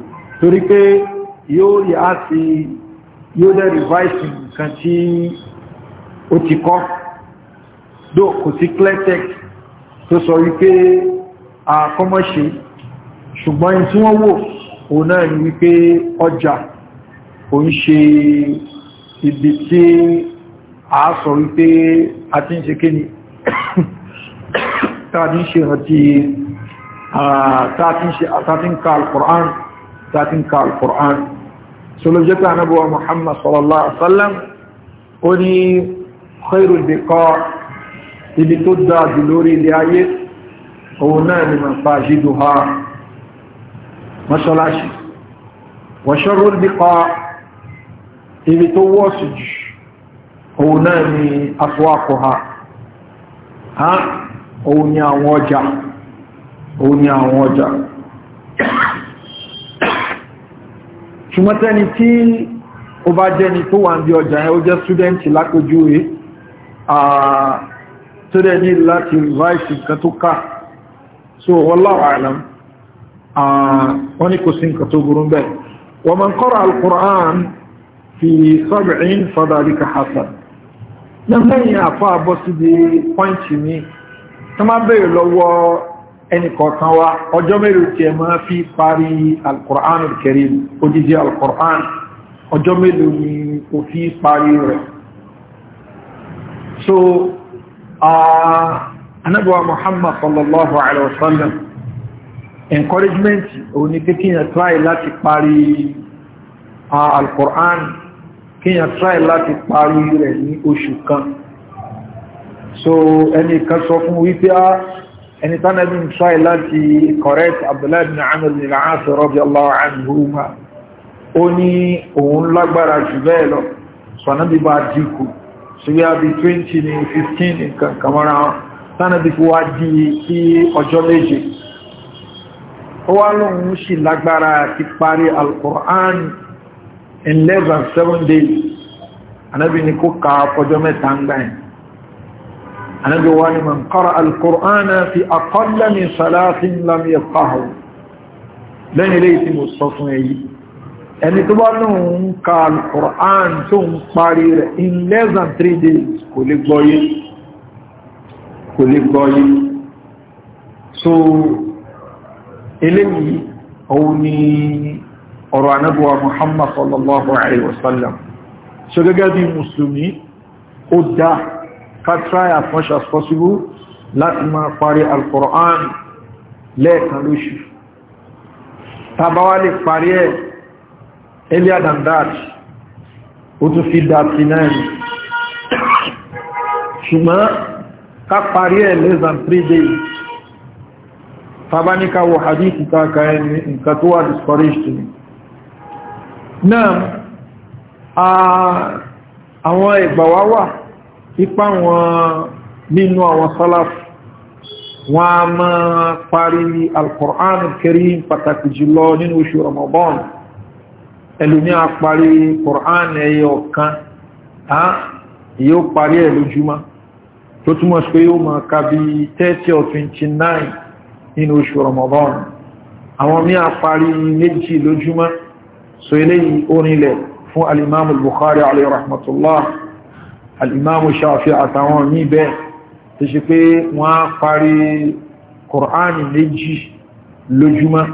torí pé yóò rí àti yóò dẹ̀ rìváìsì nǹkan tí ó ti kọ́ dó kò sí cleartech tó sọ wípé àkọ́mọ́ṣe ṣùgbọ́n tí wọ́n wò òun náà ni wípé ọjà ò ń ṣe ibi tí a sọ wípé a ti ń ṣe kéni [coughs] tàbí ṣe hàn tàtín ka al-Qur'an tàtín ka al-Qur'an solojẹ́ta anábọ̀wà Muhammad sallallahu alaihi wasallam ó ní khairul biqa ibi tó dáa jù lórí ilé ayé òun náà ni masajiduha mọ́ṣọ́láṣì wa sharrul biqa ibi tó wọ́sù jù òun náà ni aswaquha ha òun ni àwọn ọjà òun ni àwọn ọjà ṣùgbọ́n tẹ́ni tí ó bá jẹ́ni tó wà ń bí ọjà yẹn ó jẹ́ student lápójúwé tó dẹ̀ ní láti rìváìsì nǹkan tó ká so wallahu a'lam wọ́n ní kò sí nǹkan tó burú bẹ́ẹ̀ wa man qara al-Qur'an fi sab'in fadhalika hasan lẹ́yìn àfọ́ àbọ́síbi pọ́ìntì mi tó má bèèrè lọ́wọ́ ẹnìkọ̀ọ̀kan wa ọjọ́ mélòó tí ẹ máa fi parí alkùrán alkarim odidi alkùrán ọjọ́ mélòó ni o fi parí rẹ̀ so anábọ̀wà muhammad sallallahu alaihi wasallam encouragement òní pé kíyàn try láti parí alkùrán kíyàn try láti parí rẹ̀ ní oṣù kan so ẹnìkan sọ fún wípé a ah, ẹni tánà bí n try láti correct abdullahi bin amr bin al-as radiyallahu anhuma ó ní òun lágbára jù bẹ́ẹ̀ lọ sọ̀nà bí bá dínkù síbí àbí 20 ní 15 nǹkan kàmọ́ra wọn tánà bí fi wá di sí ọjọ́ méje ó wá lóun sì lágbára ti parí al-Qur'an in less 7 days anábì kó ka fọjọ́ mẹ́ta ń gbà anábí wá ní man qara al-Qur'ana fi aqalla min salatin lam yafqahu lẹ́yìn ilé tí mo sọ fún èyí ẹni tó bá lóun ka al-Qur'an tó ń parí rẹ̀ in less than three days kò lè gbọ́yé kò lè gbọ́yé so eléyìí òun ni ọ̀rọ̀ anábíwá Muhammad sallallahu alaihi wasallam so gẹ́gẹ́ bí mùsùlùmí ó dáa ká try as much as possible láti máa parí al-Qur'an lẹ́ẹ̀kan lóṣù tàbáwá lè parí ẹ̀ earlier than that ó tún fi dàtí náà ṣùgbọ́n ká parí ẹ̀ less than three days tàbá ní hadithi ta kàyẹ nǹkan tó wà discouraged ni náà àwọn ìgbàwà wà ipa wọn nínú àwọn sálàfù wọn a máa parí alkùránù karim pàtàkì jùlọ nínú oṣù ramadan ẹlùmí a parí kùránù ẹyẹ ọ̀kan a yóò parí ẹ̀ lójúmọ́ tó túnmọ̀ sí pé yóò máa ka bí 30 or 29 nínú oṣù ramadan àwọn mí a parí méjì lójúmọ́ so eléyìí orinlẹ̀ fún alimamu bukhari alayhi rahmatullah alìmáàmù ṣàfihà àtàwọn ní bẹ́ẹ̀ tó ṣe pé wọ́n á parí kọ̀ránì méjì lójúmọ́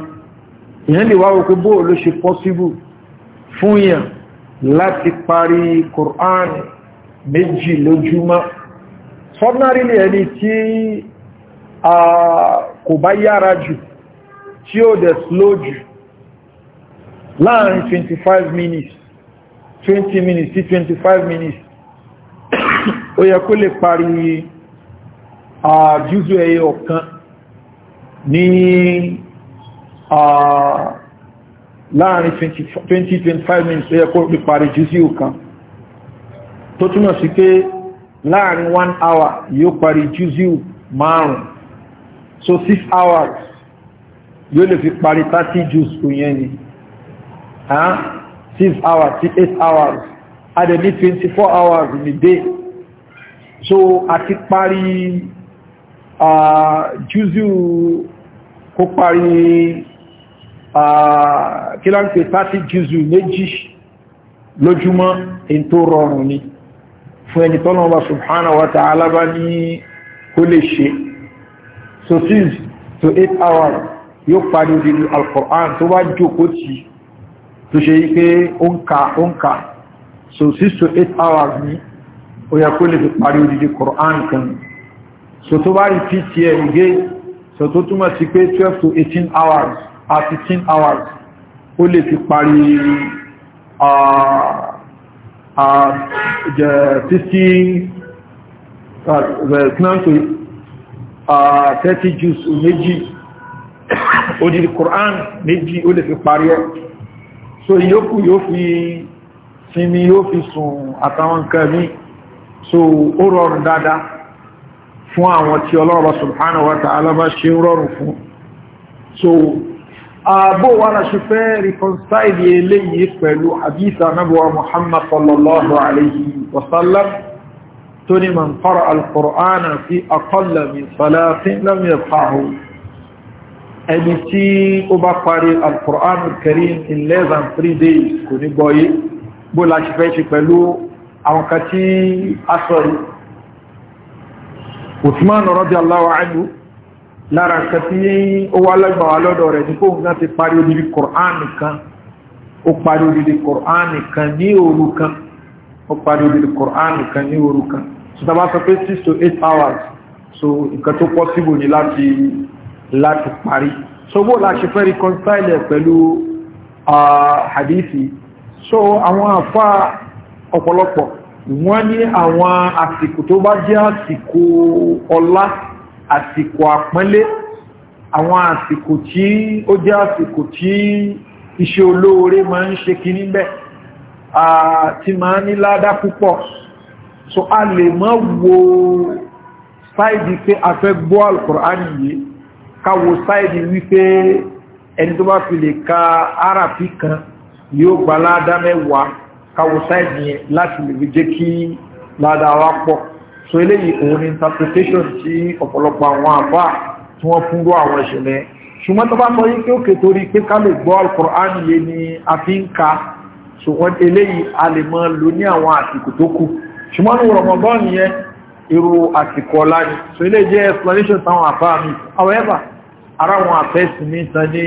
ìyẹn lè wá wípé bóò ló ṣe pọ́síbù fún yàn láti parí kọ̀ránì méjì lójúmọ́ sọ́nàrí lè ẹni tí a kò bá yára jù tí ó dẹ̀ slow jù láàrin 25 minutes 20 minutes sí 25 minutes ó yẹ kó lè parí àjúzù ẹyẹ ọ̀kan ní láàrin 20-25 minutes ó yẹ kó lè parí jùzù ọ̀kan tó túnmọ̀ sí pé láàrin 1 hour yóò parí jùzù márùn so 6 hours yóò lè fi parí 30 jùzù yẹn ni huh? 6 hours 8 hours a dẹ̀ ní 24 hours in a day so àti parí jùzù kó parí kí lá ń pè tàbí jùzù méjì lójúmọ́ in tó rọrùn ni fún ẹni tọ́lọ́wọ́ subhanahu wa ta'ala bá ní kó lè ṣe so 6 to 8 hours yóò parí odidi al-Qur'an tó bá jókòó tí tó ṣe yí pé ó ń ka ó ń ka so 6 to 8 hours ni ó yẹ kó lè fi parí odidi Quran kan so tó bá rí pt ẹ̀ igé so tó túmọ̀ sí pé 12 to 18 hours at 15 hours ó lè fi parí jẹ́ 60 Vietnam to 30 juice méjì odidi Quran méjì ó lè fi parí ẹ̀ so yóò fi sinmi yóò fi sùn àtàwọn nǹkan míì so ó rọrùn dáadáa fún àwọn tí ọlọ́rọ̀ subhanahu wa ta'ala bá ṣe rọrùn fún so ààbò wà náà ṣe fẹ́ reconcile eléyìí pẹ̀lú hadith anábọ̀wà muhammad sallallahu alayhi wa sallam tó ní man qara al-qur'ana fi aqalla min salatin lam yafqahu ẹni tí àwọn kan tí a sọ yìí Uthman radiyallahu anhu lára nǹkan tí ó wá lágbàwà lọ́dọ̀ rẹ̀ ní kó nǹkan ti parí odidi Kùránì kan ó parí odidi Kùránì kan ní òru kan ó parí odidi Kùránì kan ní òru kan so tá bá sọ pé 6 to 8 hours so nǹkan tó possible ní láti parí so bó láti fẹ́ reconcile pẹ̀lú ah, hadithi so àwọn àfáà ọ̀pọ̀lọpọ̀ wọ́n ní àwọn àsìkò tó bá jẹ́ àsìkò ọlá àsìkò àpọ́nlé àwọn àsìkò tí ó jẹ́ àsìkò tí iṣẹ́ olóore ma ń ṣe kí níbẹ̀ tí ma ní ládá púpọ̀ so a lè mọ́ wo sáìdì pé a fẹ́ gbọ́ alkùnrin yìí káwo sáìdì wípé ẹni tó bá fi lè ka árafi kan yóò gbaládá mẹ́wàá káwọ sáìdì láti lè fi jẹ́ kí ládàá wa pọ̀ so eléyìí òun ni interpretation tí ọ̀pọ̀lọpọ̀ àwọn àbá tí wọ́n fún rú àwọn ìṣẹ̀lẹ̀ ṣùgbọ́n tó bá sọ yí pé ó kètorí pé ká lè gbọ́ alukur'an yé ni a fi ń ka ṣùgbọ́n eléyìí a lè mọ lò ní àwọn àsìkò tó kù ṣùgbọ́n ní Ramadan yẹn irú àsìkò ọ̀la ni so eléyìí jẹ́ explanation táwọn àbá mi however ara àwọn àfẹ́sì mi tán ní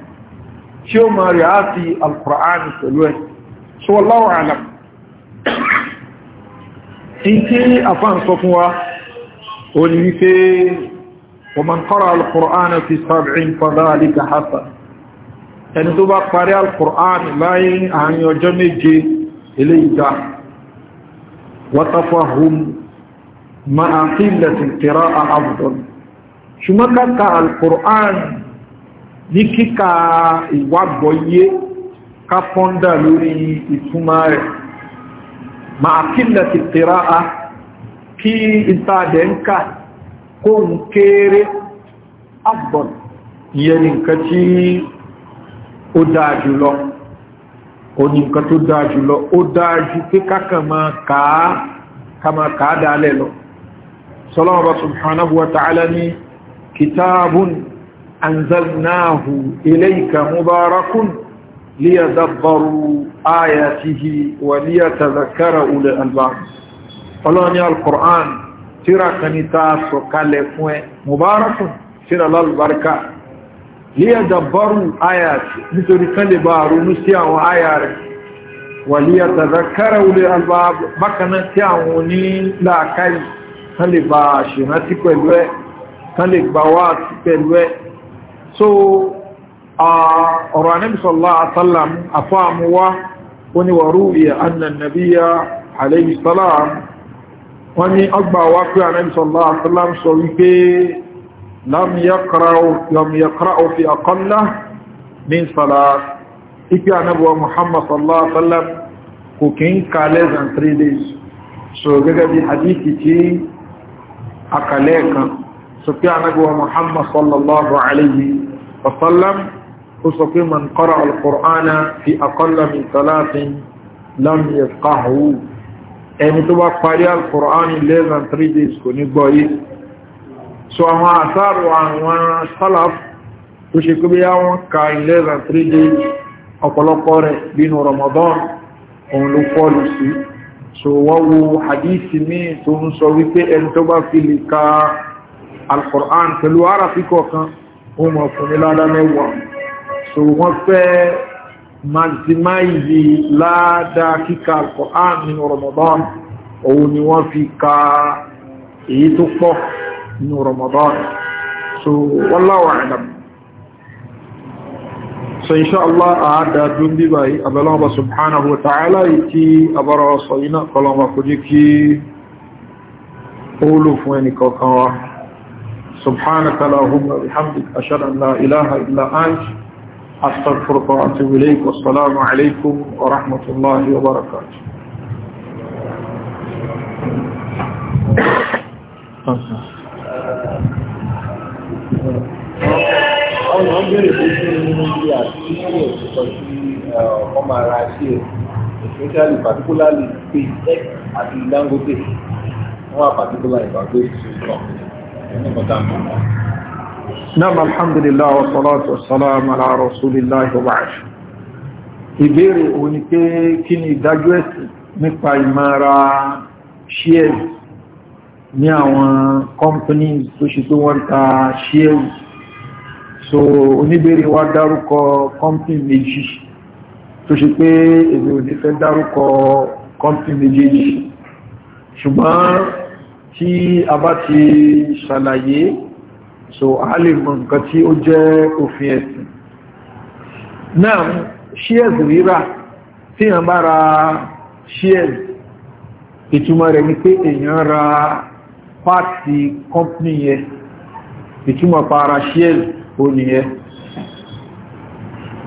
tí ó máa rí àti alkùránì pẹ̀lú ẹ̀ so wallahu alam in tí afá ń sọ fún wa o ni wípé wa man qara alkùránì fi sab'in fadhalika hasan ẹni tó bá parí alkùránì láyín àárín ọjọ́ méje ilé ìdá watafahum ma'a ní kíkà ìwàgbọ́yé ká pọ́ndà lórí ìtumá rẹ̀ máa kílẹ̀ ti tẹ́ra a kí ìtàdẹ̀ ń ká kó ń kéré agbọ̀n ìyẹn ni nǹkan tí ó dáa jùlọ ó ní nǹkan tó dáa jùlọ ó dáa jù pé kákan máa kàá kama sọlọ́wọ́ subhanahu wa ta'ala ni أنزلناه إليك مبارك ليدبروا آياته وليتذكر أولي الألباب ọlọ́ni al-Qur'an tíra kan ní ta sọ̀kalẹ̀ fún ẹ mubarakun tíra lálùbáríkà liyadabbaru ayati nítorí kan lè bá ronú sí àwọn àyà rẹ̀ wà liyatadhakkara ulul albab bákaná tí àwọn oní láàkáyì kan lè bá ṣèrántí pẹ̀lú ẹ kan lè gbà wá sí pẹ̀lú ẹ so ọ̀rọ̀ anẹ́bìsọ̀lá àtàlàm àfáàmúwá oníwàrú ìyà annan nàbíyà alẹ́bìsọ̀lám wọ́n ni ọgbà wá pé anẹ́bìsọ̀lá àtàlàm sọ wípé lámiyàkra òfin àkọ́lá ní sọ́lá ipé anẹ́bìwà muhammad sallallahu àtàlàm kò kí ń ka less wasallam ó sọ pé man qara al-Qur'ana fi aqalla min thalathin lam yafqahu ẹni tó bá parí al-Qur'ani less than three days kò ní gbọ́ yìí so àwọn àsáàrò àwọn salaf tó ṣe pé bí wọ́n ka in less than three days ọ̀pọ̀lọpọ̀ rẹ̀ bínú Ramadan òun ló fọ́lù sí so wọ́n wo hadithi ní tó ń sọ wípé ẹni tó bá fi lè ka al pẹ̀lú ara fi kọ̀ọ̀kan ó mọ̀ fún ní ládá mẹ́wàá so wọ́n fẹ́ maximize ládá kíkà Al-Qur'an nínú Ramadan òun ni wọ́n fi ka èyí tó pọ̀ nínú Ramadan so wallahu a'lam so inshallah àádá dún bí báyìí abẹ́lọ́wọ́ subhanahu wa ta'ala ìtí abára sọ iná kọlọmọ kò jẹ́ kí ó lò fún ẹnìkọ̀ọ̀kan wa سبحانك اللهم وبحمدك أشهد أن لا إله إلا أنت أستغفرك وأتوب إليك والسلام عليكم ورحمة الله وبركاته Ọ̀nà ń bèèrè fún kí ní ní àti ìṣẹ́ ìṣẹ́kọ̀ sí ọmọ ara sí ẹ̀, especially particularly pay X àti Dangote, wọ́n wà particular ìgbàgbé ìṣẹ́ ìṣẹ́ Nam alhamdulillah wa salatu wa salam ala rasulillah wa ba'ash. Ìbéèrè òní pé kí ni ìdájọ́ ẹ̀sìn nípa ìmára shares ní àwọn companies tó ṣe tó wọ́n ta shares. So oníbéèrè wá dárúkọ company méjì tó ṣe pé èmi ò ní company méjèèjì. Ṣùgbọ́n tí a bá ti ṣàlàyé so a lè mọ̀ nǹkan tí ó jẹ́ òfin ẹ̀sìn náà shares rírà tí a bá ra shares ìtumọ̀ rẹ̀ ni pé èèyàn ra pàtì company yẹ ìtumọ̀ para shares ó nìyẹ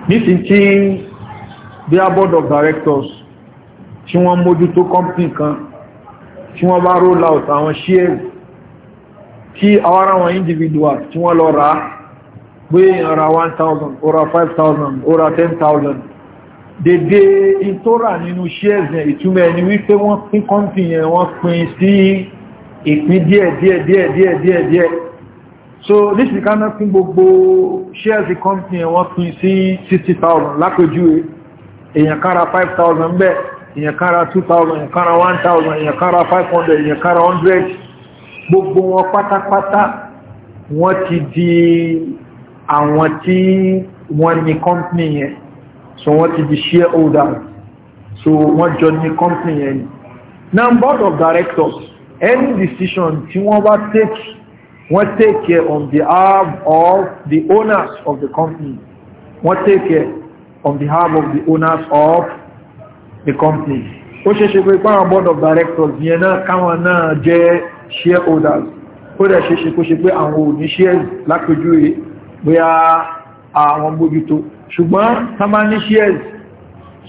nísìn tí bí a board of directors tí wọ́n mójútó company kan tí wọ́n bá roll out àwọn shares tí àwọn ará wọn individual tí wọ́n lọ ra á pé èèyàn ra thousand, ora ra thousand. ó ra 10000 dédé ìtọ́rà nínú shares yẹn ìtumọ̀ ẹni wípé wọ́n pín kọ́ǹtì yẹn wọ́n pín sí ìpín díẹ̀ díẹ̀ díẹ̀ díẹ̀ díẹ̀ díẹ̀ so nísìnyí ká ná pín gbogbo shares kọ́ǹtì yẹn wọ́n pín sí 60000 lápèjúwe èèyàn kára thousand bẹ́ẹ̀ èyàn kára 2000 èyàn kára 1000 èyàn kára 500 èyàn kára 100 gbogbo wọn pátápátá wọ́n ti di àwọn tí wọ́n ní company yẹn so wọ́n ti di shareholders so wọ́n jọ ní company yẹn now board of directors any decision tí wọ́n bá take wọ́n take care on behalf of the owners of the company wọ́n take care on behalf of the owners of the company ó ṣeéṣe pé páwọn board of directors yẹn náà káwọn náà jẹ́ shareholders ó dẹ̀ ṣeéṣe kó ṣe pé àwọn òní shares lápèjúwe bóyá àwọn gbójútó ṣùgbọ́n tá máa ní shares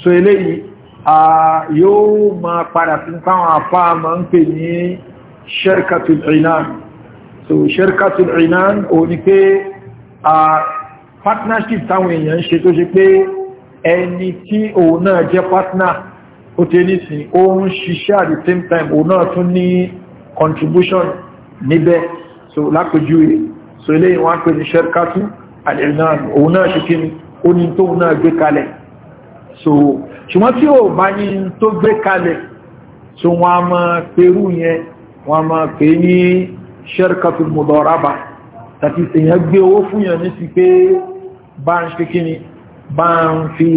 so eléyìí yóò máa padà fún káwọn àpá máa ń pè ní sherkatul inan so sherkatul inan òní pé partnership táwọn èèyàn ń ṣe tó ṣe pé ẹni tí òun náà jẹ́ partner ó tẹ́ nísìn ó ń ṣiṣẹ́ at the same time òun náà tún ní contribution níbẹ̀ so lápẹjúwe so ilé ìwọ̀n pè ní ṣẹ́rkátú al-i'lan òun ṣe kí ni ó ní tó náà gbé kalẹ̀ so ṣùgbọ́n tí ó bá ní tó so wọ́n a máa pẹ̀rú yẹn wọ́n a máa pè ní ṣẹ́rkátú mudaraba tàbí bá ń fi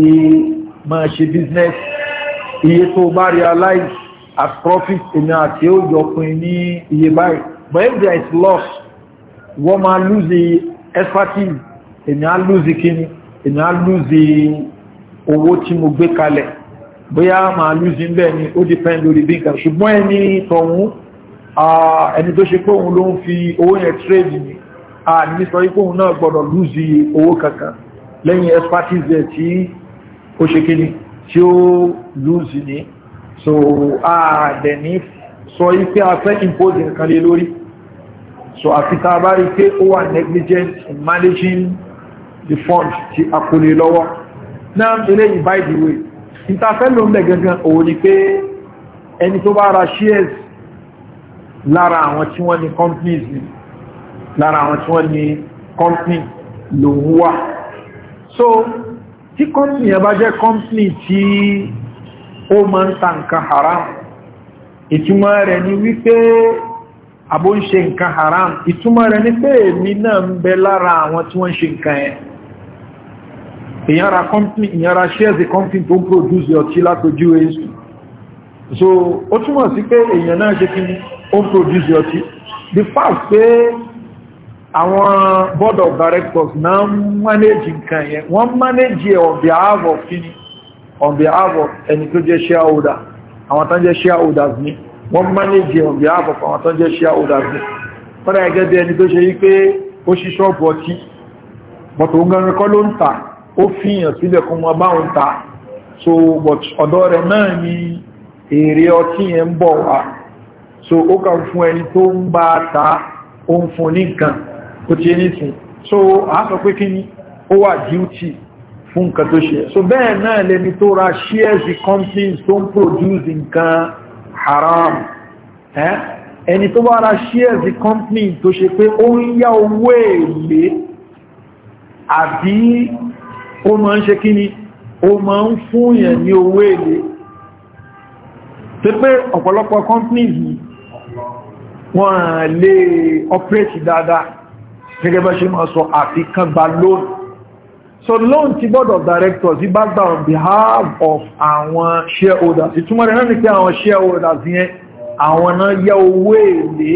máa ṣe business iye tó bá realize as profit èmi àti ó yọkùn ní iye báyìí but if there is loss wọ́n máa lose expertise èmi á lose the kíní èmi á lose owó tí mo gbé kalẹ̀ bóyá máa lose the bẹ́ẹ̀ ni ó depend lórí bí nǹkan ṣùgbọ́n ẹni tọ̀hún ẹni tó ṣe pé òun ló ń fi owó yẹn trade ni a ní sọ wípé òun náà gbọ́dọ̀ lose owó kankan lẹ́yìn expertise ẹ̀ tí ó ṣe kí ni tí ó lùzì ní so ààdẹ̀ ní sọ ipé afẹ́ impose nǹkan lé lórí so àfi tá bá rí pé ó wà negligent in managing the fund tí a kò lè lọ́wọ́ náà eléyìí by the way ìtafẹ́ ló ń bẹ̀ gangan òun ni pé ẹni tó bá ra shares lára àwọn tí wọ́n ní companies ni lára àwọn tí wọ́n ní company lòun wà so tí company yẹn bá jẹ́ company tí ó máa ń ta nǹkan haram ìtumọ̀ rẹ̀ ni wípé àbó ń ṣe nǹkan haram ìtumọ̀ rẹ̀ ni pé èmi náà ń bẹ lára àwọn tí wọ́n ń ṣe nǹkan ẹ̀ ìyára company ìyára shares a company tó ń produce ọtí látojú èsù so ó túmọ̀ sí pé èèyàn náà ṣe kí ó ń produce ọtí the fact pé àwọn board of directors náà manage nǹkan yẹn wọ́n manage on behalf of kini on behalf of ẹni tó jẹ́ shareholder àwọn tán jẹ́ shareholders ni wọ́n manage on behalf of àwọn tán jẹ́ shareholders ni fọ́nà ẹgẹ́ bí ẹni tó ṣe yí pé ó ṣí ṣọ́ọ̀bù ọtí but òun gan kọ́ ló ń ta ó fihàn sílẹ̀ kún wọn báwọn ta so but ọ̀dọ́ rẹ̀ náà ni èrè ọtí yẹn ń bọ̀ wá so ó kàn fún ẹni tó ń bá ta ó ń fún ní kò tí ní sí so a sọ pé kí ní ó wà duty fún nǹkan tó ṣe so bẹ́ẹ̀ náà lẹni tó ra shares the companies tó ń produce nǹkan haram ẹni tó bá ra shares the company tó ṣe pé ó ń yá owó èlé àbí ó máa ń ṣe kí ni ó máa ń fún yẹn ní owó èlé tó pé ọ̀pọ̀lọpọ̀ companies wọ́n lè operate dáadáa gẹ́gẹ́ bá ṣe máa sọ àfikán gba loan so loan ti board of directors bá gbà on behalf of àwọn shareholders ìtumọ̀ rẹ̀ náà ni pé àwọn shareholders yẹn àwọn náà yá owó èlé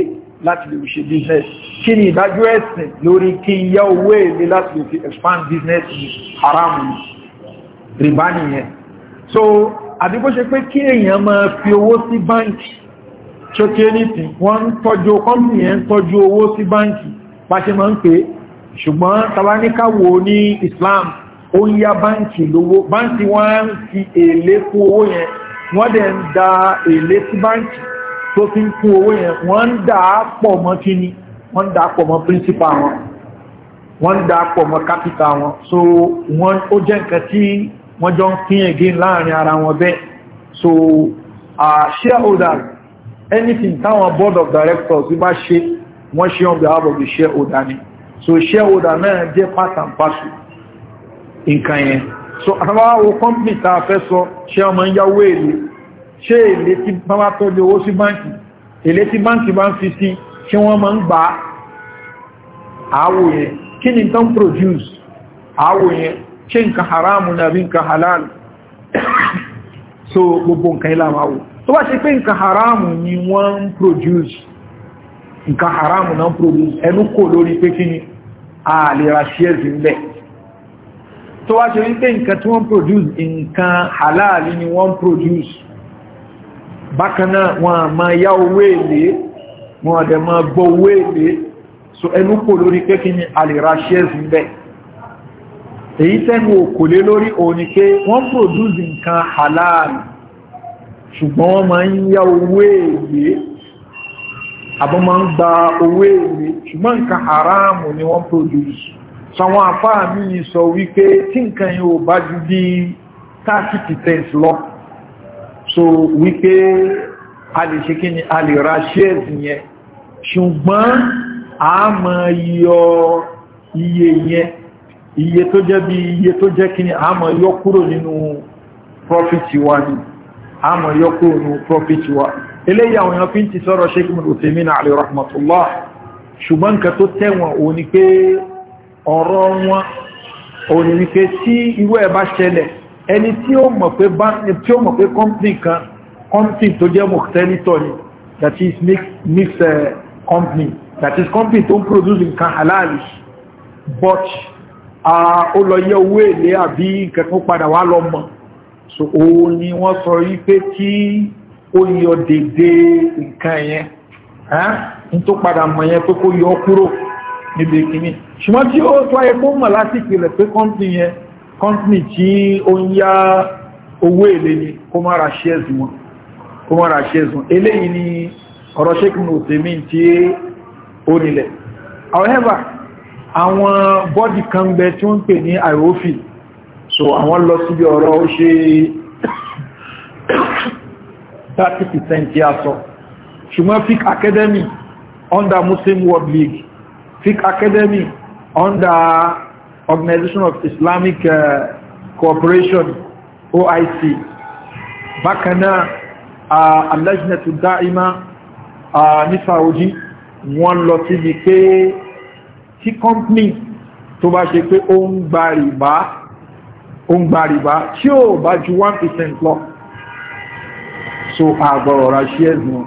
láti lè ṣe business kí ni ìdájọ́ ẹ̀sìn lórí kí n yá owó èlé láti lè fi expand business ní haram rìbá nìyẹn so àdíkó ṣe pé kí èèyàn máa fi owó sí báńkì ṣókè nítí wọ́n ń tọ́jú company yẹn ń tọ́jú owó sí báńkì pàṣẹ máa ń pè ṣùgbọ́n tàbáníkàwò ní Islam ó ń yá báǹkì lówó báǹkì wọ́n ń fi èlé kún owó yẹn wọ́n dẹ̀ ń da èlé sí báǹkì tó fi ń kún owó yẹn wọ́n ń dà á pọ̀ mọ́ kíní wọ́n ń dà á pọ̀ mọ́ píríncípà wọn wọ́n ń dà á pọ̀ mọ́ kápítà wọn so wọ́n ó jẹ́ nǹkan tí wọ́n jọ ń pín ẹ̀gẹ́ láàrin ara wọn bẹ́ẹ̀ so uh, shareholders anything táwọn board of directors bá ṣe wọ́n ṣe on behalf of the shareholder ni so shareholder náà jẹ́ part and parcel nǹkan yẹn so àwọn company ta fẹ́ sọ ṣe ọmọ yáwó èlé ṣe èlé tí wọ́n bá tọ́jú owó sí báǹkì èlé tí báǹkì bá ń fi sí ṣe wọ́n máa ń gbà àwò yẹn kí ni tán produce àwò yẹn ṣe nǹkan haramu nàbí nǹkan halal [coughs] so gbogbo nǹkan ilá àwò tó bá ṣe pé nǹkan haramu ni wọ́n produce nǹkan haramu náà produce ẹnu kò lórí pé kí ni a lè ra shares ńlẹ̀ tó wá ṣe wípé nǹkan tí wọ́n produce nǹkan halal ni wọ́n produce bákanáà wọn a máa yá owó èlé wọn a dẹ̀ máa gbọ́ owó èlé so ẹnu kò lórí pé kí ni a lè ra shares ńlẹ̀ èyí tẹ́nu òkò lé lórí òun ni pé wọ́n produce nǹkan halal ṣùgbọ́n wọ́n máa ń yá owó èlé àbọ̀ máa ń gba owó èlé ṣùgbọ́n nǹkan haramu ni wọ́n produce sàwọn àfáà míì sọ wípé tí nǹkan yìí ò bá ju bí 30% lọ so wípé a lè ṣe kí ni a lè ra shares yẹn ṣùgbọ́n a máa yọ iye yẹn iye tó jẹ́ bí iye tó jẹ́ kí ni a máa yọ kúrò nínú profit wa ni a máa yọ kúrò nínú profit wa ni eléyìí àwọn èèyàn fi ń ti sọ́rọ̀ Sheikh Uthaymeen alayhi rahmatullah ṣùgbọ́n nǹkan tó tẹ́wọ̀n òun ni pé ọ̀rọ̀ wọn òun ni wípé tí irú ẹ̀ bá ṣẹlẹ̀ ẹni tí ó mọ̀ pé company kan company tó jẹ́ mọ̀tẹ́lítọ̀ ni that is mix eh, company that is company tó ń produce nǹkan halali but ó lọ yẹ owó èlé àbí nǹkan tó padà wá lọ mọ̀ so òun ni wọ́n sọ wípé tí ó yọ dédé nǹkan yẹn ń tó padà mọ̀ yẹn pé kó yọ kúrò níbi ìkíní ṣùgbọ́n tí ó tó ayẹ kó mọ̀ láti ìpìlẹ̀ pé kọ́ńtì yẹn kọ́ńtì tí ó ń yá owó èlé ni kó má ra shares wọn kó eléyìí ni ọ̀rọ̀ ṣékùn òtèmí tí ó nílẹ̀ however àwọn bọ́dì kan bẹ tí wọ́n pè ní àìrófì so àwọn lọ síbi ọ̀rọ̀ ó ṣe thirty percent yà sọ ṣùgbọ́n fic academy under muslim world league fic academy under organization of islamic uh, cooperation oic bákan náà uh, alajinatu daima uh, ní saudi wọ́n lọ síbi pé tí company tó bá ṣe pé ó ń gba rìbá ó tí ó bá ju one percent lọ so àgbọ̀rọ̀ ra shares wọn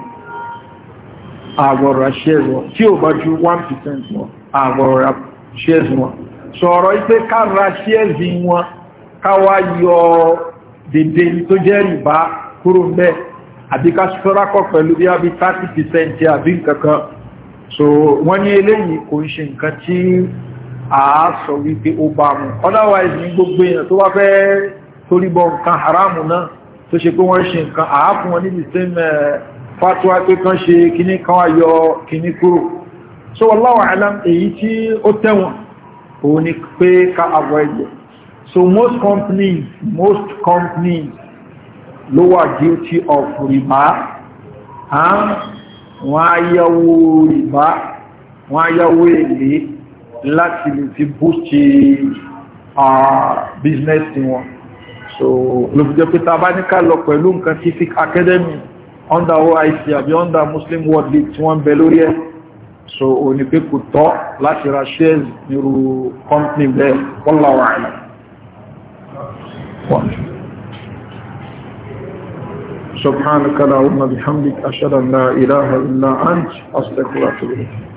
àgbọ̀rọ̀ ra shares wọn tí ò bá ju 1% wọn àgbọ̀rọ̀ ra shares wọn sọ̀rọ̀ ipé ká ra shares wọn káwá yọ dèdè tó jẹ́ rìbá kúrò mẹ́ àbí ká sọ́rákọ̀ pẹ̀lú bí àbí 30% jẹ́ àbí nǹkankan so wọ́n ní eléyìí kò ń ṣe nǹkan tí a sọ wípé ó bá mú otherwise ní gbogbo èèyàn tó wá fẹ́ torí bọ nǹkan haramu náà tó ṣe pé wọ́n ṣe nǹkan àápùn wọn níbi tí mẹ́ eh, fatuwa pé kan ṣe kíní kan ayọ kíní kúrò so wallahu alam èyí tí ó tẹ̀wọ̀n òun ni pé ká avoid it so most companies most companies ló wà guilty of rìbá wọ́n ayáwó rìbá wọ́n ayáwó èlé láti lè fi boost eh, ah, business wọn so ló fi jẹ́ pé ta bá ní ká lọ pẹ̀lú nǹkan civic academy under oic àbí under muslim world league tí wọ́n ń bẹ lórí ẹ̀ so o ní pé kò tọ́ láti ra shares nírú company bẹ́ẹ̀ wallahu a'lam سبحانك اللهم بحمدك أشهد أن لا إله إلا أنت أستغفرك وأتوب